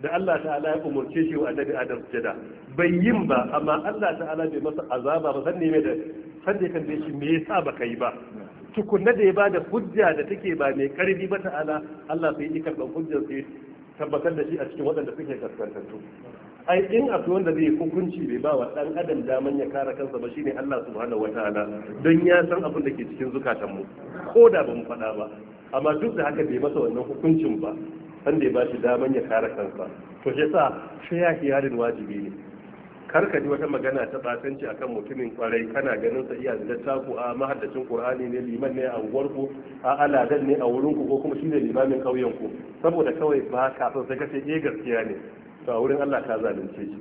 Speaker 1: da Allah ta'ala ya umurce shi wa annabi Adam sujada bai yin ba amma Allah ta'ala bai masa azaba ba sanne mai da sanne kan da shi me yasa baka yi ba tukunna da ya ba da hujja da take ba mai karfi ba ta'ala Allah sai yi karɓar hujjar sai tabbatar da shi a cikin waɗanda suke kaskantattu ai in a wanda zai hukunci bai ba wa ɗan adam daman ya kare kansa ba shine Allah subhanahu wataala don ya san abin da ke cikin zukatan mu ko da ba mu faɗa ba amma duk da haka bai masa wannan hukuncin ba sanda ya ba shi daman ya kare kansa to shi yasa yarin wajibi ne kar ka ji wata magana ta basanci akan mutumin kwarai kana ganin sa iya da taku a mahaddacin qur'ani ne liman ne a unguwar a aladan ne a wurin ku ko kuma shine limamin kauyen ku saboda kawai ba ka so sai kace eh gaskiya ne to a wurin Allah ka zalunce shi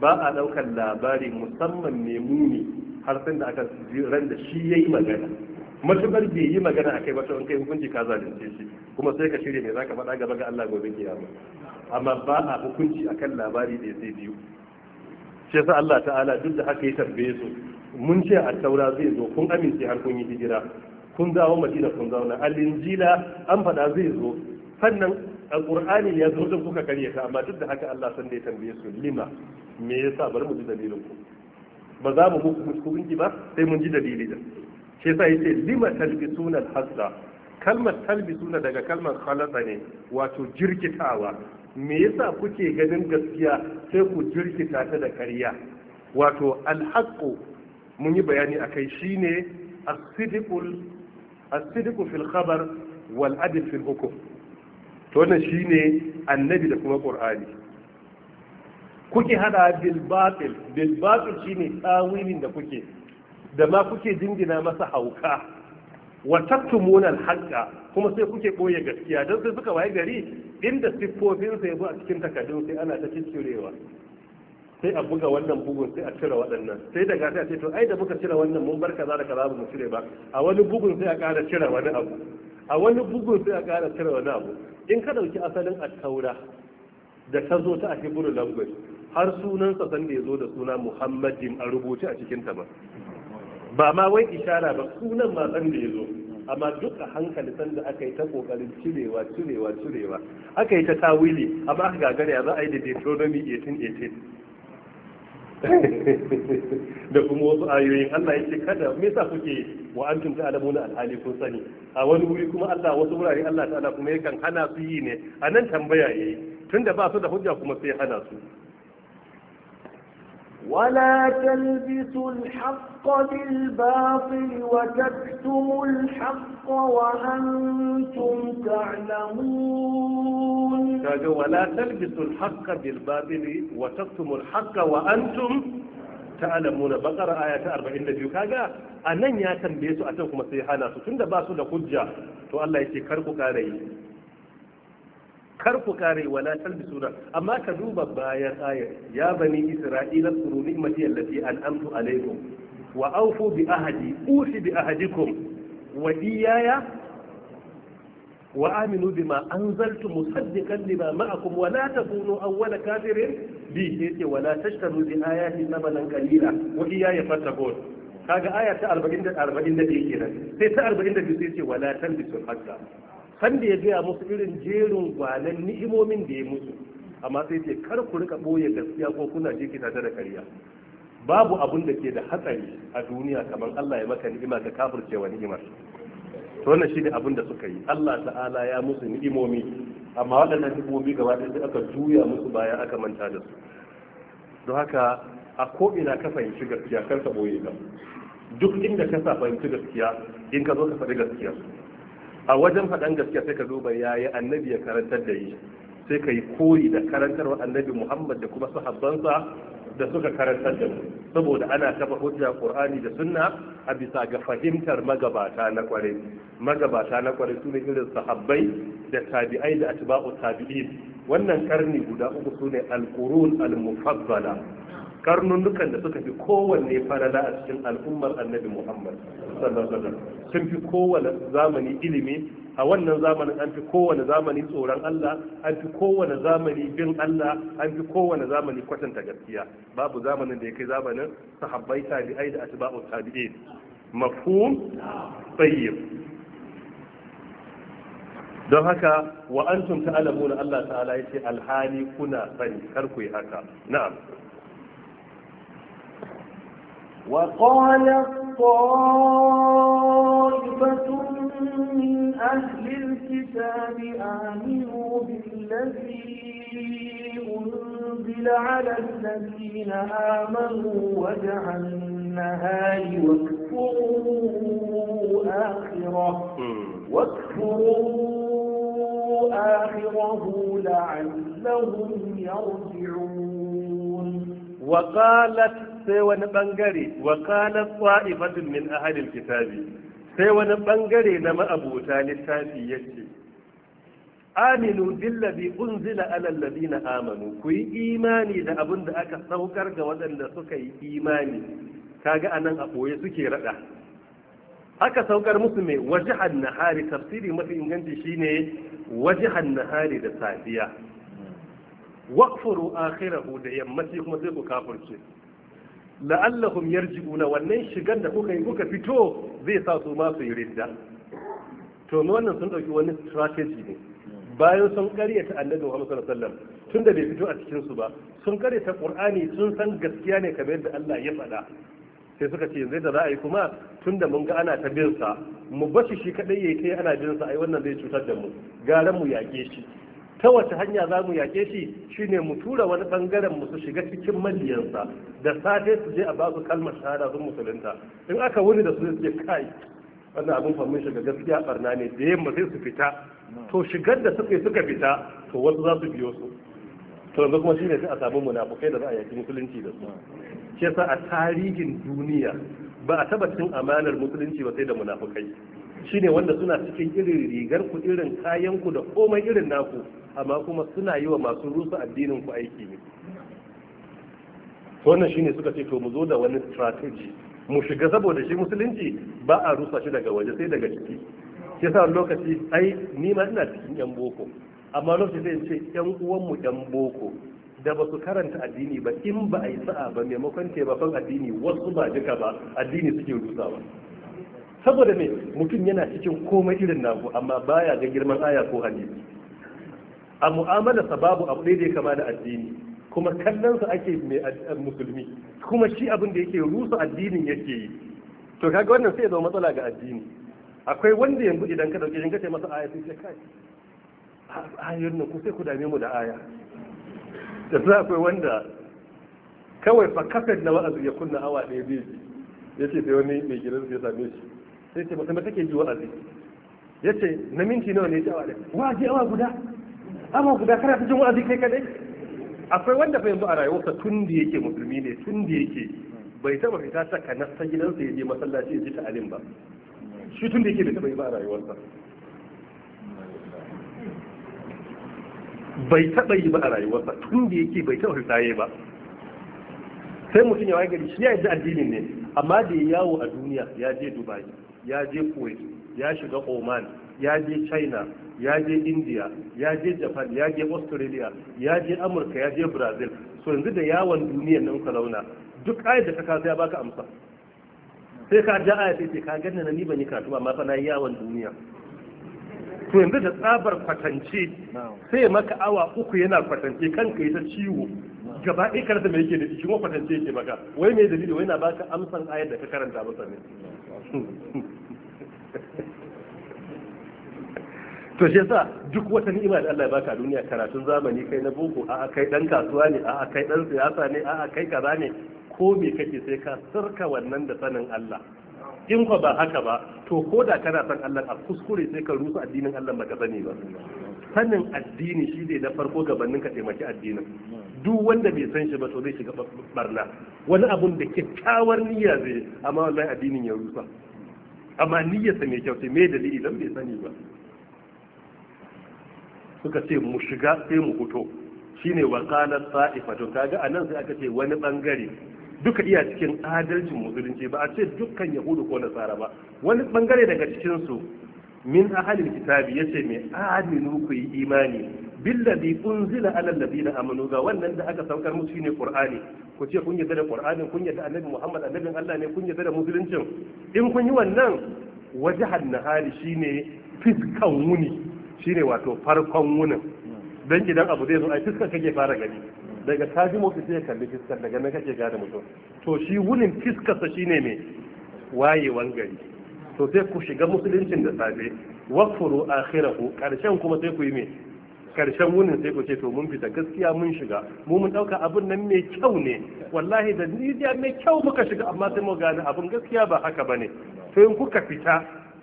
Speaker 1: ba a daukar labari musamman mai muni har sai da aka ran da shi yayi magana matuƙar bai yi magana a kai ba to in kai hukunci ka zalunce shi kuma sai ka shirya me zaka faɗa gaba ga Allah gobe kiyama amma ba a hukunci akan labari da sai biyu shi sa Allah ta'ala duk da haka ya tarbe su mun ce a taura zai zo kun amince har kun yi hijira kun dawo madina kun zauna al-injila an faɗa zai zo sannan alqur'ani ya zo da kuka karyata amma duk da haka Allah san da ya tambaye su lima me yasa bari mu ji dalilin ku ba za mu muku ba sai mun ji dalilin da sa yasa yace lima talbisuna al-hasa kalmar talbisuna daga kalmar khalasa ne wato jirkitawa me yasa kuke ganin gaskiya sai ku jirkita ta da ƙarya wato alhaqqu mun yi bayani akai shine as-sidqul as fil khabar wal adl fil hukm to wannan shine annabi da kuma qur'ani kuke hada bil batil bil batil shine tawilin da kuke da ma kuke jingina masa hauka wa tattumuna al kuma sai kuke boye gaskiya dan sai suka waye gari inda siffofin sai bu a cikin takaddun sai ana ta ciccirewa sai a buga wannan bugun sai a cire waɗannan sai daga sai a ce to ai da muka cire wannan mun bar kaza da kaza ba mu cire ba a wani bugun sai a ƙara cire wani abu a wani bugun sai a ƙara cire wani abu in ka ɗauki asalin at-taura da ta zo ta a hebrew language har sunansa san da ya zo da suna muhammadin a rubuce a cikin ta ba ba ma wai isara ba sunan matsan da ya zo amma duk a hankali sanda aka yi ta kokarin cirewa cirewa cirewa aka yi ta tawili amma aka gagara za a yi da deuteronomy 1818 da kuma wasu ayoyin Allah ya ce kada me yasa kuke wa antum na alhali kun sani a wani wuri kuma Allah wasu wurare Allah ta'ala kuma yakan hana su yi ne a nan tambaya yayi tunda ba su da hujja kuma sai hana su
Speaker 2: ولا تلبسوا الحق بالباطل وتكتموا الحق وأنتم تعلمون ولا
Speaker 1: تلبسوا الحق بالباطل وتكتموا الحق وأنتم تعلمون بقرة آية 40 في كذا أنني tambaye أتوكم السيحانات kuma sai hana su tunda عليه kar ku kare wala talbisuna amma ka duba bayan ayar ya bani isra'ila kuru ni'mati allati an'amtu alaykum wa awfu bi ahdi ufi bi ahdikum wa iyaya wa aminu bima anzaltu musaddiqan lima ma'akum wa la takunu awwala kafirin bi yace wa la tashtaru bi ayati thamanan qalila wa iyaya fattaqun kaga aya ta 40 da 41 kenan sai ta 42 sai ce wala talbisul haqqo sanda ya gaya musu irin jerin gwanan ni'imomin da ya musu amma sai ce kar ku rika ɓoye gaskiya ko kuna jikita da karya babu abun da ke da hatsari a duniya kamar Allah ya maka ni'ima ka kafirce wa ni'imar to wannan ne abin da suka yi Allah ta'ala ya musu ni'imomi amma waɗannan ni'imomi gaba ɗaya aka juya musu baya aka manta da su don haka a ko ina ka fahimci gaskiya kar ka boye ka duk inda ka sa fahimci gaskiya in ka zo ka faɗi gaskiya a wajen faɗan gaske sai ka duba yayi annabi ya karantar da yi sai ka yi koyi da wa annabi muhammad da kuma sahabbansa da suka karantar da mu saboda ana kafa hujja qur'ani da sunna a bisa ga fahimtar magabata na kware magabata na kware sune irin sahabbai da tabi'ai da atba'u tabi'in wannan karni guda uku sune al-qurun al-mufaddala karnunukan da suka fi kowanne farala a cikin al'ummar annabi muhammad sallallahu sun fi kowane zamani ilimi a wannan zamanin an fi kowane zamani tsoron Allah an fi kowane zamani bin Allah an fi kowane zamani kwatanta gaskiya babu zamanin da ya kai zamanin sahabbai tabi'ai da atba'u tabi'in mafhum tayyib don haka wa antum ta'lamuna Allah ta'ala yace alhali kuna sani kar ku yi haka na'am
Speaker 2: وقال طائفة من أهل الكتاب آمنوا بالذي أنزل على الذين آمنوا وجه النهار واكفروا آخره واكفروا آخره لعلهم يرجعون
Speaker 1: وقالت sai wani bangare wa qalat tsa'ifatun min ahli kitabi sai wani bangare na ma'abuta littafi yake aminu billazi unzila ala na amanu ku yi imani da abin da aka saukar ga waɗanda suka yi imani kaga anan a boye suke raɗa. aka saukar musu mai wajihan nahari tafsiri mafi inganci shine wajihan nahari da safiya waqfuru akhirahu da yammaci kuma sai ku kafirce la'allahum yarji'una wannan shigar da kuka yi kuka fito zai sa su ma su yi ridda to wannan sun dauki wani strategy ne bayan sun karyata annabi Muhammad sallallahu alaihi wasallam da bai fito a cikin su ba sun karyata Qur'ani sun san gaskiya ne kamar yadda Allah ya faɗa sai suka ce yanzu da za kuma tun kuma tunda mun ga ana ta bin sa mu bashi shi kadai yayi kai ana bin sa ai wannan zai cutar da mu garan mu yake shi ta wace hanya za mu yaƙe shi shine mu tura wani bangaren mu su shiga cikin maliyansa da safe su je a ba su kalmar shahada sun musulunta in aka wuni da su suke kai wannan abin famin shiga gaskiya barna ne da yamma sai su fita to shigar da suka yi suka fita to wasu za su biyo su to yanzu kuma shine sai a samu munafukai da za a yaƙi musulunci da su shi yasa a tarihin duniya ba a taba cin amanar musulunci ba sai da munafukai shi ne wanda suna cikin irin rigar ku irin kayanku da komai irin naku amma kuma suna yi wa masu rusa addinin ku aiki ne wannan ne suka ce to mu zo da wani strategy mu shiga saboda shi musulunci ba a rusa shi daga waje sai daga ciki shi yasa lokaci ai ni ma ina cikin yan boko amma lokaci sai ce yan uwan mu yan boko da ba su karanta addini ba in ba a yi sa'a ba maimakon taimakon addini wasu ba duka ba addini suke rusawa saboda me mutum yana cikin komai irin nagu amma baya ga girman aya ko hadisi a mu'amala babu abu ɗaya da ya kama da addini kuma kallon su ake mai musulmi kuma shi abin da yake rusa addinin yake yi to kaga wannan sai ya zama matsala ga addini akwai wanda yanzu idan ka dauke shi kace masa aya sai kai ayoyin nan ku sai ku dame mu da aya da sai akwai wanda kawai fa kafin na wa'azi ya kunna awa ɗaya zai ji yace sai wani mai gidan ya same shi sai ce mutum take ji wa'azi ya ce na minti nawa ne ta wa'azi wa'azi awa guda awa guda kana ta jin wa'azi kai kadai akwai wanda bai yanzu a rayuwarsa tun da yake musulmi ne tun da yake bai taba fita ta kanasta gidansa ya je masallaci ya ji ta'alim ba shi tun da yake bai taba yi ba a rayuwarsa bai taba yi ba a rayuwarsa tun da yake bai taba fita yi ba sai mutum ya waye gari shi ya yi addinin ne amma da ya yawo a duniya ya je dubai ya je kuwait ya shiga oman ya je china ya je india ya je japan ya je australia ya je amurka ya je brazil so yanzu da yawon duniya nan ka launa duk ayat da kaka kasa ya baka amsa sai ka ja ayat sai ka ganna na ni ban yi karatu ba fa na yawon duniya to yanzu da tsabar kwatance sai maka awa uku yana kwatance kan yi ta ciwo gaba ɗaya karanta mai yake da shi kuma kwatance yake maka wai mai dalili wai na baka amsan ayat da ka karanta masa ne to shi yasa duk wata ni'ima da Allah ya baka a duniya karatun zamani kai na boko a kai dan kasuwa ne a kai dan siyasa ne a kai kaza ne ko me kake sai ka sarka wannan da sanin Allah in ko ba haka ba to ko da kana san Allah a kuskure sai ka rusa addinin Allah baka sani ba sanin addini shi ne na farko gabanin ka taimaki addinin duk wanda bai san shi ba to zai shiga barna wani abun da kyakkyawar niyya zai amma wallahi addinin ya rusa amma niyyarsa mai kyau sai me dalili dan bai sani ba suka ce mu shiga sai mu fito shine wa sa'ifa to kaga anan sai aka ce wani bangare duka iya cikin adalcin musulunci ba a ce dukkan yahudu ko nasara ba wani bangare daga cikin su min ahalil kitabi yace mai aminu ku yi imani Billadi, unzila ala alladhina amanu ga wannan da aka saukar musu shine qur'ani ku ce kun yarda da qur'anin kun yarda annabi muhammad annabin allah ne kun yarda da musuluncin in kun yi wannan wajahan nahari shine fiskan wuni shine wato farkon wunin dan idan abu zai zo ai fiskan kake fara gani daga tafi motsi sai kalli fiskar daga nan kake gane mutum to shi wunin sa shine me wayewan gari to sai ku shiga musuluncin da safe wakfuru akhirahu karshen kuma sai ku yi me karshen wunin sai ku ce to mun fita gaskiya mun shiga mu mun dauka abun nan mai kyau ne wallahi da nijiya mai kyau muka shiga amma sai mu gane abun gaskiya ba haka bane to in kuka fita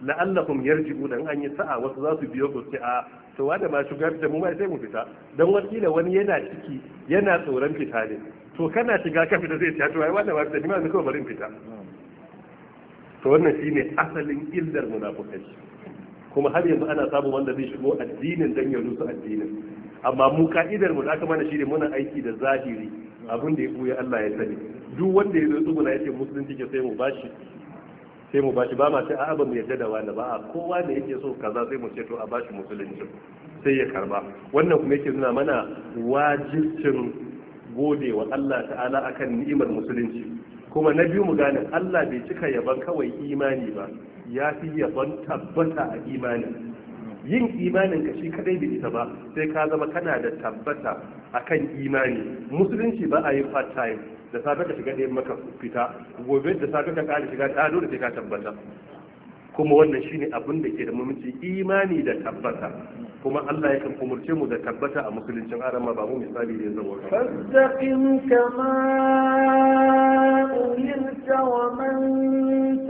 Speaker 1: la'allakum yarji'u dan an yi sa'a wasu za su biyo ku sai a to wanda ma shigar da mu mai sai mu fita dan wakila wani yana ciki yana tsoron fita ne to kana shiga ka fita zai ta to ai wanda ba fita ni ma ko bari fita to wannan shine asalin illar munafikai kuma har yanzu ana samun wanda zai shigo addinin dan ya su addinin amma mu ka'idar mu da aka mana shine muna aiki da zahiri abin da ya buya Allah ya sani duk wanda ya zo tsuguna yake musulunci ke sai mu bashi sai mu bashi ba ma sai a'a ba mu yarda da wani ba kowa da yake so kaza sai mu ce to a bashi musulunci sai ya karba wannan kuma yake nuna mana wajibcin gode wa Allah ta'ala akan ni'imar musulunci kuma na biyu mu gane Allah bai cika yaban kawai imani ba ya fi yabon tabbata a imani. yin imanin ka shi kadai da ita ba sai ka zama kana da tabbata a kan imani musulunci ba a yi part da safe ka shiga ɗayan maka fita gobe da safe ka ƙara shiga ɗado da sai ka tabbata kuma wannan shine abin da ke da muhimmanci imani da tabbata kuma Allah yakan umurce mu da tabbata a musuluncin arama ba mu misali da yanzu wata
Speaker 2: fastaqim kama umirta wa man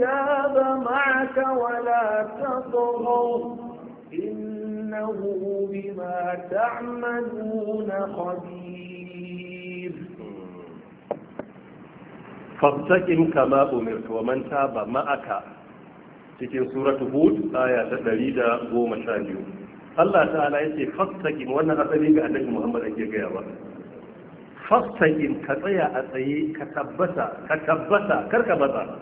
Speaker 2: taba ma'aka wa la tadhur innahu bima ta'maluna khabir
Speaker 1: fastaqim kama umirta wa man taba ma'aka cikin suratu hud aya ta ɗari da goma sha biyu Allah ta'ala ya ce fastaƙin wannan asali ga annabi Muhammad ake gaya ba fastaƙin ka tsaya a tsaye ka tabbata ka tabbata kar ka matsa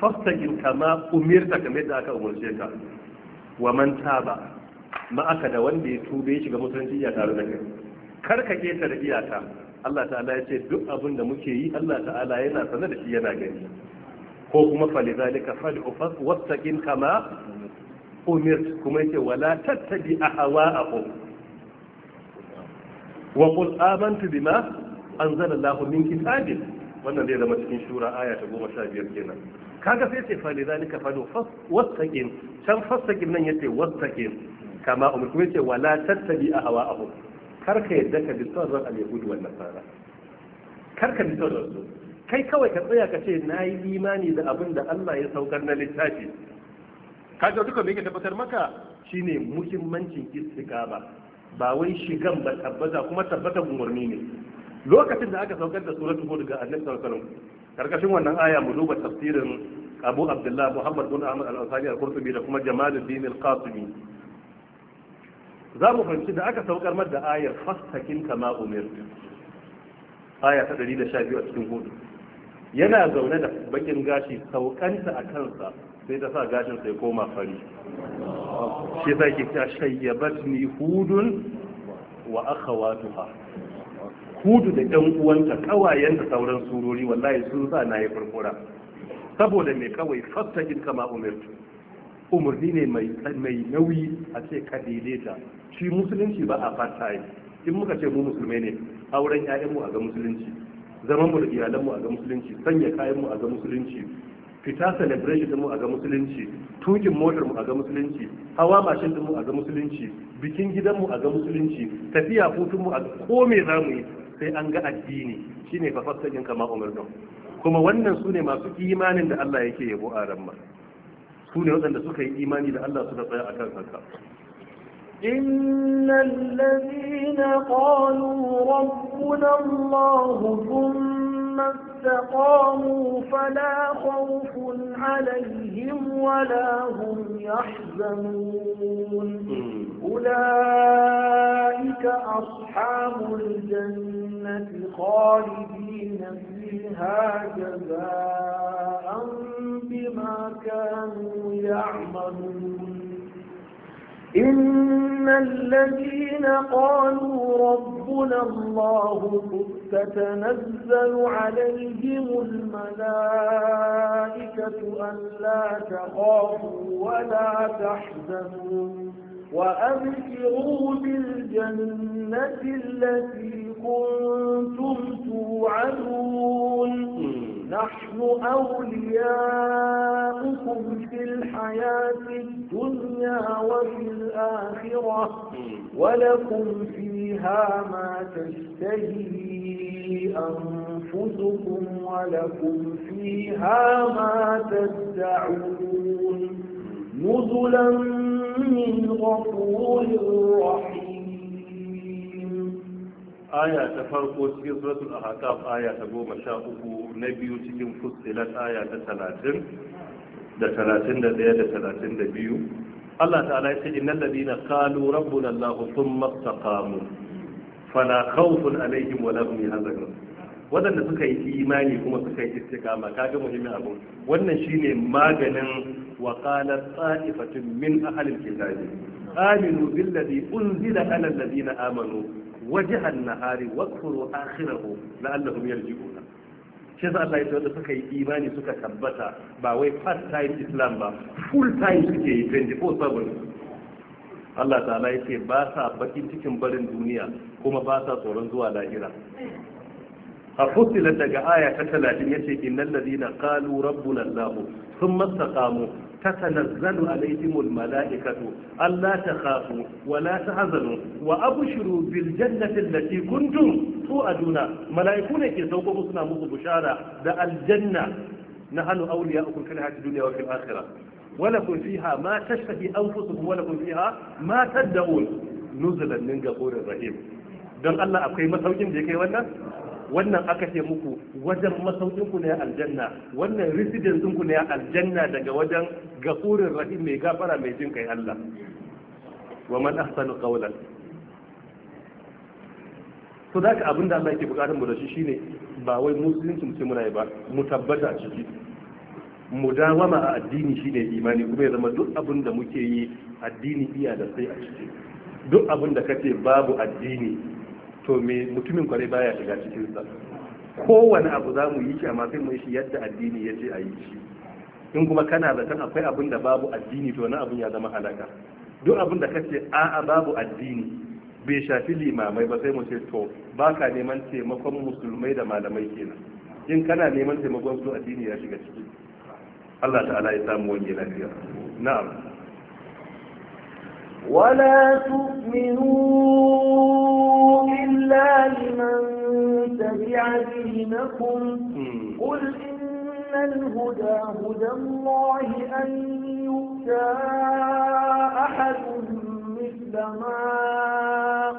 Speaker 1: fastaƙin kama umirta kamar yadda aka umarce ka wa man taba aka da wanda ya tube shi shiga musulunci ya tare da kai kar ka keta da iyaka Allah ta'ala ya ce duk abin da muke yi Allah ta'ala yana sanar da shi yana gani ko kuma falizalika fad'u wastaqim kama umir kuma yake wala tattabi a a hawa ahwa'ahum wa qul amantu bima anzala Allahu min kitabin wannan zai zama cikin shura aya ta sha biyar kenan kaga sai ce falizalika fad'u wastaqim can fastaqim nan yace wastaqim kama umir kuma yace wala tattabi a hawa ahwa'ahum karka yadda ka bi son ran al-yahudi wan nasara karka bi son su kai kawai ka tsaya ka ce na yi imani da abin da Allah ya saukar na littafi kaga duka me yake tabbatar maka shine muhimmancin istiqama ba wai shigan ba tabbata kuma tabbatar umarni ne lokacin da aka saukar da suratul hud ga annabi sallallahu alaihi wasallam karkashin wannan aya mu duba tafsirin Abu Abdullah Muhammad bin Ahmad al-Ansari al-Qurtubi da kuma Jamaluddin al-Qasimi za mu fahimci da aka saukar mar da ayar fastakin kama umir aya ta 112 a cikin hudu yana zaune da bakin gashi saukanta a kansa sai ta sa gashin sai koma fari shi sai ke ta shayyabat ni hudun wa akhawatuha hudu da ɗan uwanta kawayen da sauran surori wallahi sun sa na yi furfura saboda mai kawai fastakin kama umirtu umarni ne mai nauyi a ce ka daidaita shi musulunci ba a fata in muka ce mu musulmai ne auren 'ya'yanmu a ga musulunci zaman mu da iyalan mu a ga musulunci sanya kayan mu a ga musulunci fita celebration din mu a ga musulunci tukin motar mu a ga musulunci hawa mashin din mu a ga musulunci bikin gidan mu a ga musulunci tafiya hutun mu a ko me za mu yi sai an ga addini shine fa fasalin kama umar don kuma wannan su ne masu imanin da Allah yake yabo a ranma su ne waɗanda suka yi imani da Allah suka tsaya akan haka
Speaker 2: إن الذين قالوا ربنا الله ثم استقاموا فلا خوف عليهم ولا هم يحزنون أولئك أصحاب الجنة خالدين فيها جزاء بما كانوا يعملون إن الذين قالوا ربنا الله تتنزل عليهم الملائكة أن لا تخافوا ولا تحزنوا وأبشروا بالجنة التي كنتم توعدون نحن أولياؤكم في الحياة الدنيا وفي الآخرة ولكم فيها ما تشتهي أنفسكم ولكم فيها ما تدعون نزلا من غفور رحيم
Speaker 1: aya ta farko cikin suratul ahqaf aya ta goma sha uku na biyu cikin fussilat aya ta talatin da talatin da ɗaya da talatin da biyu Allah ta'ala ya ce innal ladina qalu rabbuna Allah thumma istaqamu fala khawfun alaihim wa lahum yahzanun wadanda suka yi imani kuma suka yi istiqama kaga muhimmin abu wannan shine maganin wa qalat ta'ifatun min ahli alkitabi aminu billadhi unzila ala alladhina amanu wajha an-nahari wakfuru akhirahu la'allahum yarji'un shi za Allah ya ce wanda suka yi imani suka tabbata ba wai part time islam ba full time suke yi 24/7 Allah ta'ala ya ce ba sa bakin cikin barin duniya kuma ba sa tsoron zuwa lahira a fusilar daga aya ta talatin ya ce innan ladina kalu rabbun allahu sun masa kamu ta tanazzalu alaikim malaikatu Allah ta khafu wa la tahzanu wa abshiru bil jannati allati kuntum tu'aduna malaiku ne ke sauko suna muku bushara da aljanna na hanu awliya ukul kana hadi dunya wa fil akhirah wa lakum fiha ma tashtahi anfusukum wa lakum fiha ma tad'un nuzulan min ghafurir rahim dan Allah akwai masaukin da ya kai wannan wannan aka ce muku wajen masaukin ku ne aljanna wannan residence ku ne aljanna daga wajen gafurin rahim mai gafara mai jin kai Allah wa man ahsanu qawlan to da ka da Allah yake bukatun mu da shi shine ba wai musulunci ce muna yi ba mu tabbata a ciki mu dawama a addini shine imani kuma ya zama duk abin da muke yi addini iya da sai a ciki duk abin da kace babu addini to me mutumin kwarai baya shiga cikin sa kowane abu za mu yi shi amma sai mu yi shi yadda addini ya ce a yi shi in kuma kana zaton akwai abin da babu addini to wani abin ya zama halaka duk abin da kace a'a babu addini bai shafi limamai ba sai mu ce to baka neman taimakon musulmai da malamai kenan in kana neman taimakon su addini ya shiga ciki Allah ta'ala ya samu wani lafiya na'am
Speaker 2: ولا تؤمنوا إلا لمن تبع دينكم قل إن الهدى هدى الله أن يؤتى أحد مثل ما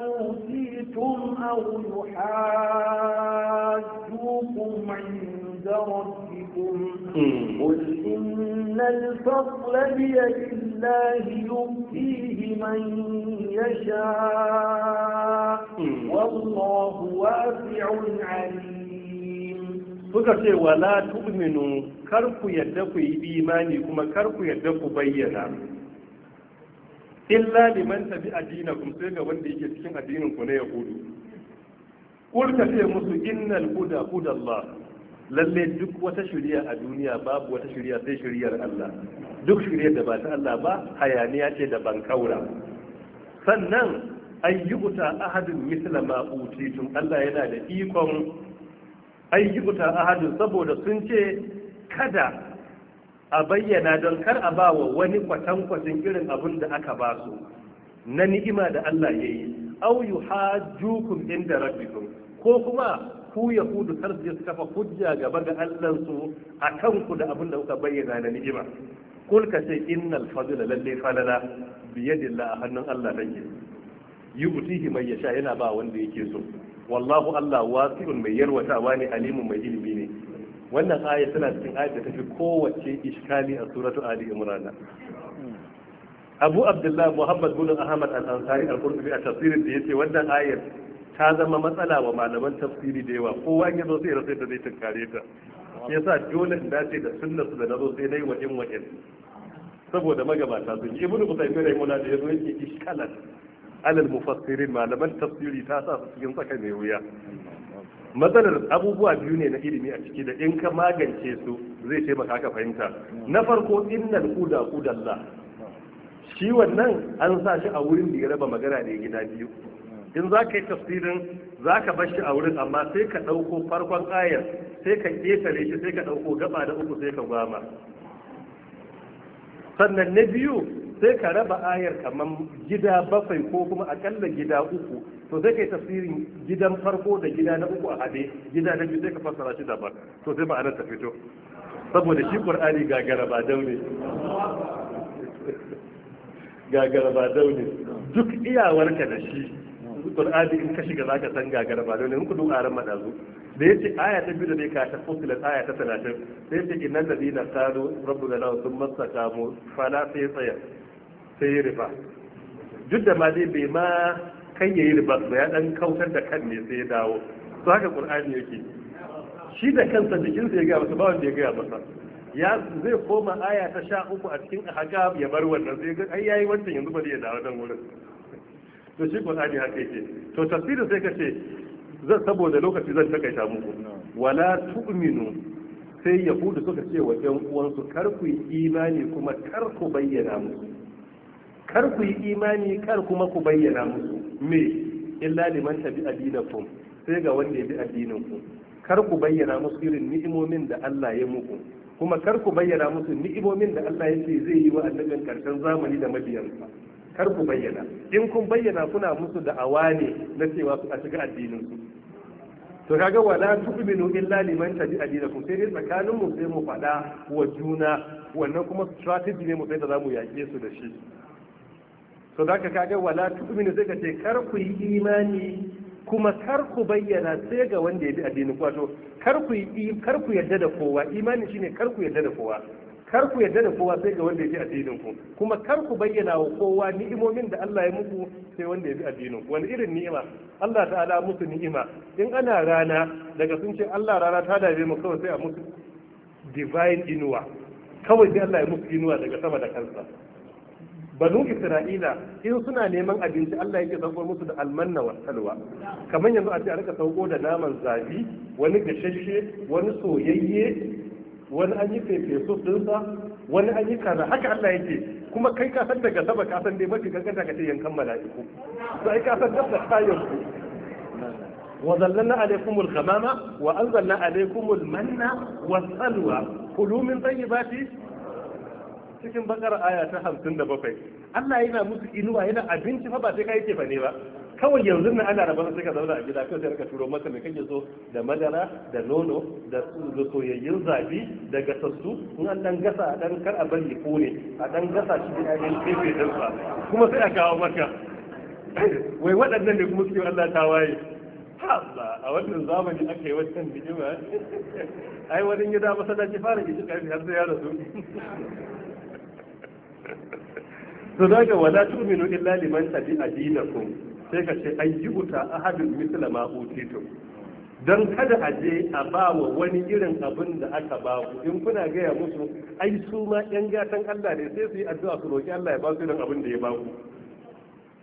Speaker 2: أوتيتم أو يحاجوكم عند ربكم قل إن الفضل بيد الله يؤتيه من يشاء والله واسع عليم
Speaker 1: suka ce wala tu'minu kar ku yadda ku yi imani kuma kar ku yadda ku bayyana illa liman tabi kum sai ga wanda yake cikin addinin ku na yahudu kul ka ce musu innal huda hudallah lalle duk wata shirya a duniya babu wata shirya sai shiryar Allah duk shari'ar da ba ta Allah ba hayaniya ce da ban kaura sannan ayyukuta ahadin misla ma utitum Allah yana da ikon ayyukuta ahadin saboda sun ce kada a bayyana don kar a ba wa wani kwatan-kwatan irin abin da aka ba su na ni'ima da Allah ya yi au yuhajjukum inda rabbikum ko kuma ku yahudu kar su su kafa hujja gaba ga allansu a kanku da abin da kuka bayyana na ni'ima kul ka ce innal fadla lalle falala biyadillah a hannun Allah nake yubtihi mai yasha yana ba wanda yake so wallahu Allah wasi'un mai yarwatawa ne alimun mai ilimi ne wannan aya tana cikin aya da tafi kowace iskali a suratu ali imran abu abdullah muhammad bin ahmad al-ansari al-qurtubi a tafsirin da yace wannan ayar ta zama matsala wa malaman tafsiri da yawa kowa ya zo sai rasa da zai tunkare ta yasa dole in dace da sunna su da nazo sai nayi wa'in wa'in saboda magabata sun yi ibnu qutaymi rahimahullah da yazo yake iskalan alal mufassirin malaman tafsiri ta sa su cikin tsaka mai wuya matsalar abubuwa biyu ne na ilimi a ciki da in ka magance su zai taimaka ka fahimta na farko innal huda hudallah shi wannan an sa shi a wurin da ya raba magana da gida biyu in za ka yi tafsirin za ka bar shi a wurin amma sai ka ɗauko farkon ayar sai ka ƙetare shi sai ka ɗauko gaba da uku sai ka gwama sannan na biyu sai ka raba ayar kamar gida bakwai ko kuma akalla gida uku to sai ka yi tafsirin gidan farko da gida na uku a haɗe gida na biyu sai ka fassara shi daban to sai ma'anar ta fito saboda shi ƙur'ani gagara ba daune gagara ba daune duk iyawarka da shi qur'ani in ka shiga zaka san gagar ba dole in ku duka ran madazu da yace aya ta biyu da dai ka ta fusila aya ta 30 da yace innal ladina qalu rabbuna la thumma istaqamu fala sai tsaya sai riba duk da ma dai bai ma kan yayi riba ba ya dan kautar da kan ne sai ya dawo to haka qur'ani yake shi da kansa jikinsa ya ga masa ba wanda ya ga masa ya zai koma aya ta sha uku a cikin ahqab ya bar wannan sai ga ai yayi wancan yanzu ba zai dawo dan wurin to shi qur'ani haka yake to tafsirin sai kace zan saboda lokaci zan takaita muku wala tu'minu sai yahudu suka ce wa ƴan uwansu kar ku yi imani kuma kar ku bayyana musu kar ku yi imani kar kuma ku bayyana musu me illa liman tabi adinakum sai ga wanda ya bi ku kar ku bayyana musu irin ni'imomin da Allah ya muku kuma kar ku bayyana musu ni'imomin da Allah ya ce zai yi wa annabin karshen zamani da mabiyansa kar ku bayyana in kun bayyana kuna musu da awane na cewa su a shiga addinin to kaga wala tu'minu illa liman tabi dinakum sai dai tsakanin mu sai mu fada wa juna wannan kuma strategy ne mu sai da zamu yake su da shi to zaka kaga wala tu'minu sai ka ce kar ku yi imani kuma kar ku bayyana sai ga wanda ya bi addinin ku wato kar ku yi kar ku yarda da kowa imani shine kar ku yarda da kowa kar ku yarda da kowa sai ga wanda ya bi addinin ku kuma kar ku bayyana wa kowa ni'imomin da Allah ya muku sai wanda ya bi addinin ku wani irin ni'ima Allah ta'ala musu ni'ima in ana rana daga sun ce Allah rana ta dabe mu kawai sai a musu divine inuwa kawai sai Allah ya musu inuwa daga sama da kansa banu isra'ila in suna neman abinci Allah yake sauko musu da almanna wa salwa kamar yanzu a ce a rika sauko da naman zabi wani gashashe wani soyayye wani an yi fefesu dinsa wani an yi kaza haka Allah yake kuma kai ka san daga saba ka san dai mafi kankanta ka ce yankan mala'iku sai ka san dabba kayan ku وظللنا عليكم الغمامة وأنزلنا عليكم المن والسلوى kulu min tayyibati cikin bakar aya ta hamsin da bakwai Allah yana musu inuwa yana abinci fa ba sai ka ke fane ba kawai yanzu nan ana rabana sai ka zauna a gida kai sai ka turo masa mai kake so da madara da nono da soyayyun zabi da gasassu in an dan gasa a dan kar a bar ya kone a dan gasa shi da ayyukan kefe din sa kuma sai a kawo maka wai waɗannan ne kuma suke Allah ta waye a wannan zamani aka yi wancan bijima ai wani gida masallaci fara gishi karfi har sai ya rasu to daga wala tu'minu illa liman tabi'a dinakum sai ka ce ayyuta ahadun mithla ma utitu don kada a je a ba wa wani irin abin da aka ba ku in kuna gaya musu ai su ma yan gatan Allah ne sai su yi addu'a su roki Allah ya ba su irin abin da ya ba ku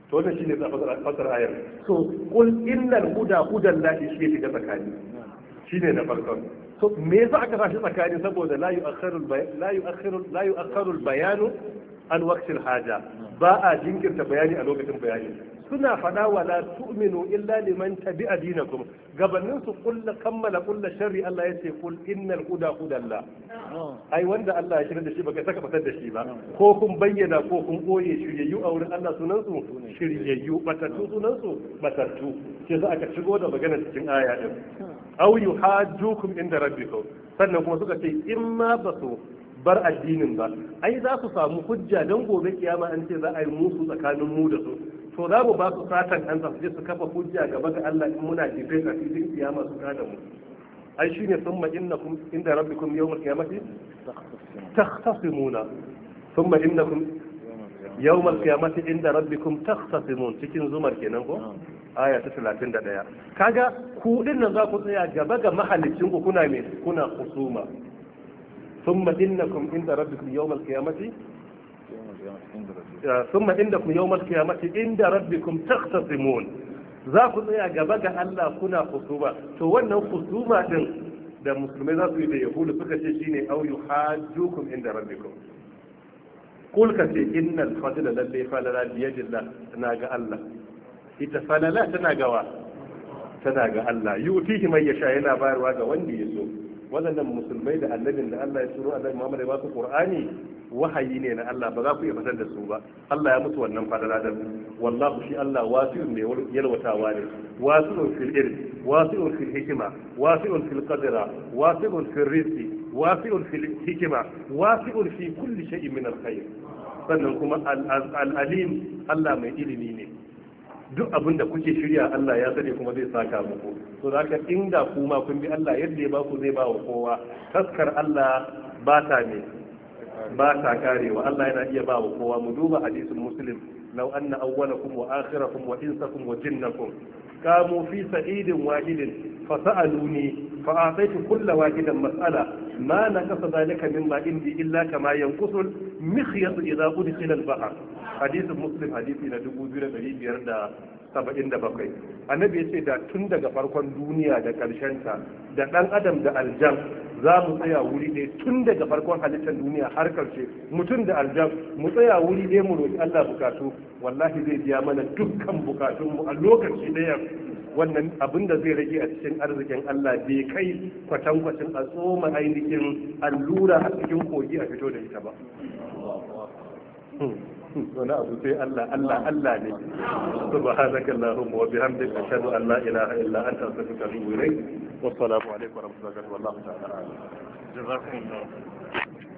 Speaker 1: to wannan shine fasar ayar so kul innal huda hudan lahi shi yake ga tsakani shine na farko so me yasa aka fashi tsakani saboda la yu'akhiru la yu'akhiru la yu'akhiru bayanu an waqtil haja ba a jinkirta bayani a lokacin bayani suna faɗa wala tu'minu illa liman tabi'a dinakum gabanin su kammala kullu sharri Allah ya ce kul innal huda hudallah ai wanda Allah ya shirya da shi baka saka fatar da shi ba ko kun bayyana ko kun boye shiryayyu a wurin Allah sunan su shiryayyu batattu sunan su batattu sai za aka shigo da magana cikin aya din aw yuhajjukum inda rabbikum sannan kuma suka ce in ma basu bar addinin ba ai za su samu hujja don gobe kiyama an ce za a yi musu tsakanin mu da su to za mu ba su satan an su je su kafa hujja gaba ga Allah in muna jefe a cikin kiyama su kada mu ai shine thumma innakum inda rabbikum yawmal qiyamati takhtasimuna thumma innakum yawmal qiyamati inda rabbikum takhtasimun cikin zumar kenan ko aya ta 31 kaga ku dinnan nan za ku tsaya gaba ga mahallicin ku kuna me kuna husuma ثم إنكم عند ربكم يوم القيامة ثم إنكم يوم القيامة عند ربكم تختصمون za ku tsaya gaba ga Allah kuna kusuma to wannan kusuma din da musulmai za su yi da yahudu suka ce shine au yuhajjukum inda rabbikum kul ka ce innal fadla lalle falala biyadillah tana ga Allah ita falala tana gawa tana ga Allah yutihi man yasha yana bayarwa ga wanda ya so waɗannan musulmai da annabin da Allah ya turo annabi Muhammad ya ba su Qur'ani wahayi ne na Allah ba za ku iya fitar da su ba Allah ya mutu wannan fadala da wallahu shi Allah wasi'un ne yalwatawa ne wasi'un fil ilm wasi'un fil hikma wasi'un fil qadra wasi'un fil rizqi wasi'un fil hikma wasi'un fi kulli shay'in min al khair sannan kuma al alim Allah mai ilimi ne duk abin da kuke shirya Allah ya sani kuma zai saka muku to da haka inda kuma kun bi Allah yadda ya baku zai ba wa kowa taskar Allah ba ta ne ba ta karewa Allah yana iya ba wa kowa mu duba hadisin muslim law anna awwalakum wa akhirakum wa insakum wa jinnakum kamu fi sa'idin wahidin fasaluni fa ataitu kulla wahidan mas'ala ma nakasa zalika min ma indi illa kama yanqusul mikhyat idza udkhila al-bahr hadith muslim hadisi na 2577 annabi yace da tun daga farkon duniya da karshen ta da dan adam da aljan za mu tsaya wuri ɗaya tun daga farkon halittar duniya har karshe mutum da aljan mu tsaya wuri ne mu roki Allah bukatu wallahi zai biya mana dukkan bukatunmu a lokaci daya wannan abin da zai rage a cikin arzikin Allah bai kai kwatankwacin a tsoma ainihin allura a cikin kogi a fito da ita ba wani abu sai Allah Allah Allah ne subhanaka allahumma wa bihamdika ashhadu an la ilaha illa anta astaghfiruka wa atubu ilayk wa assalamu alaikum wa rahmatullahi wa barakatuh wallahu
Speaker 3: ta'ala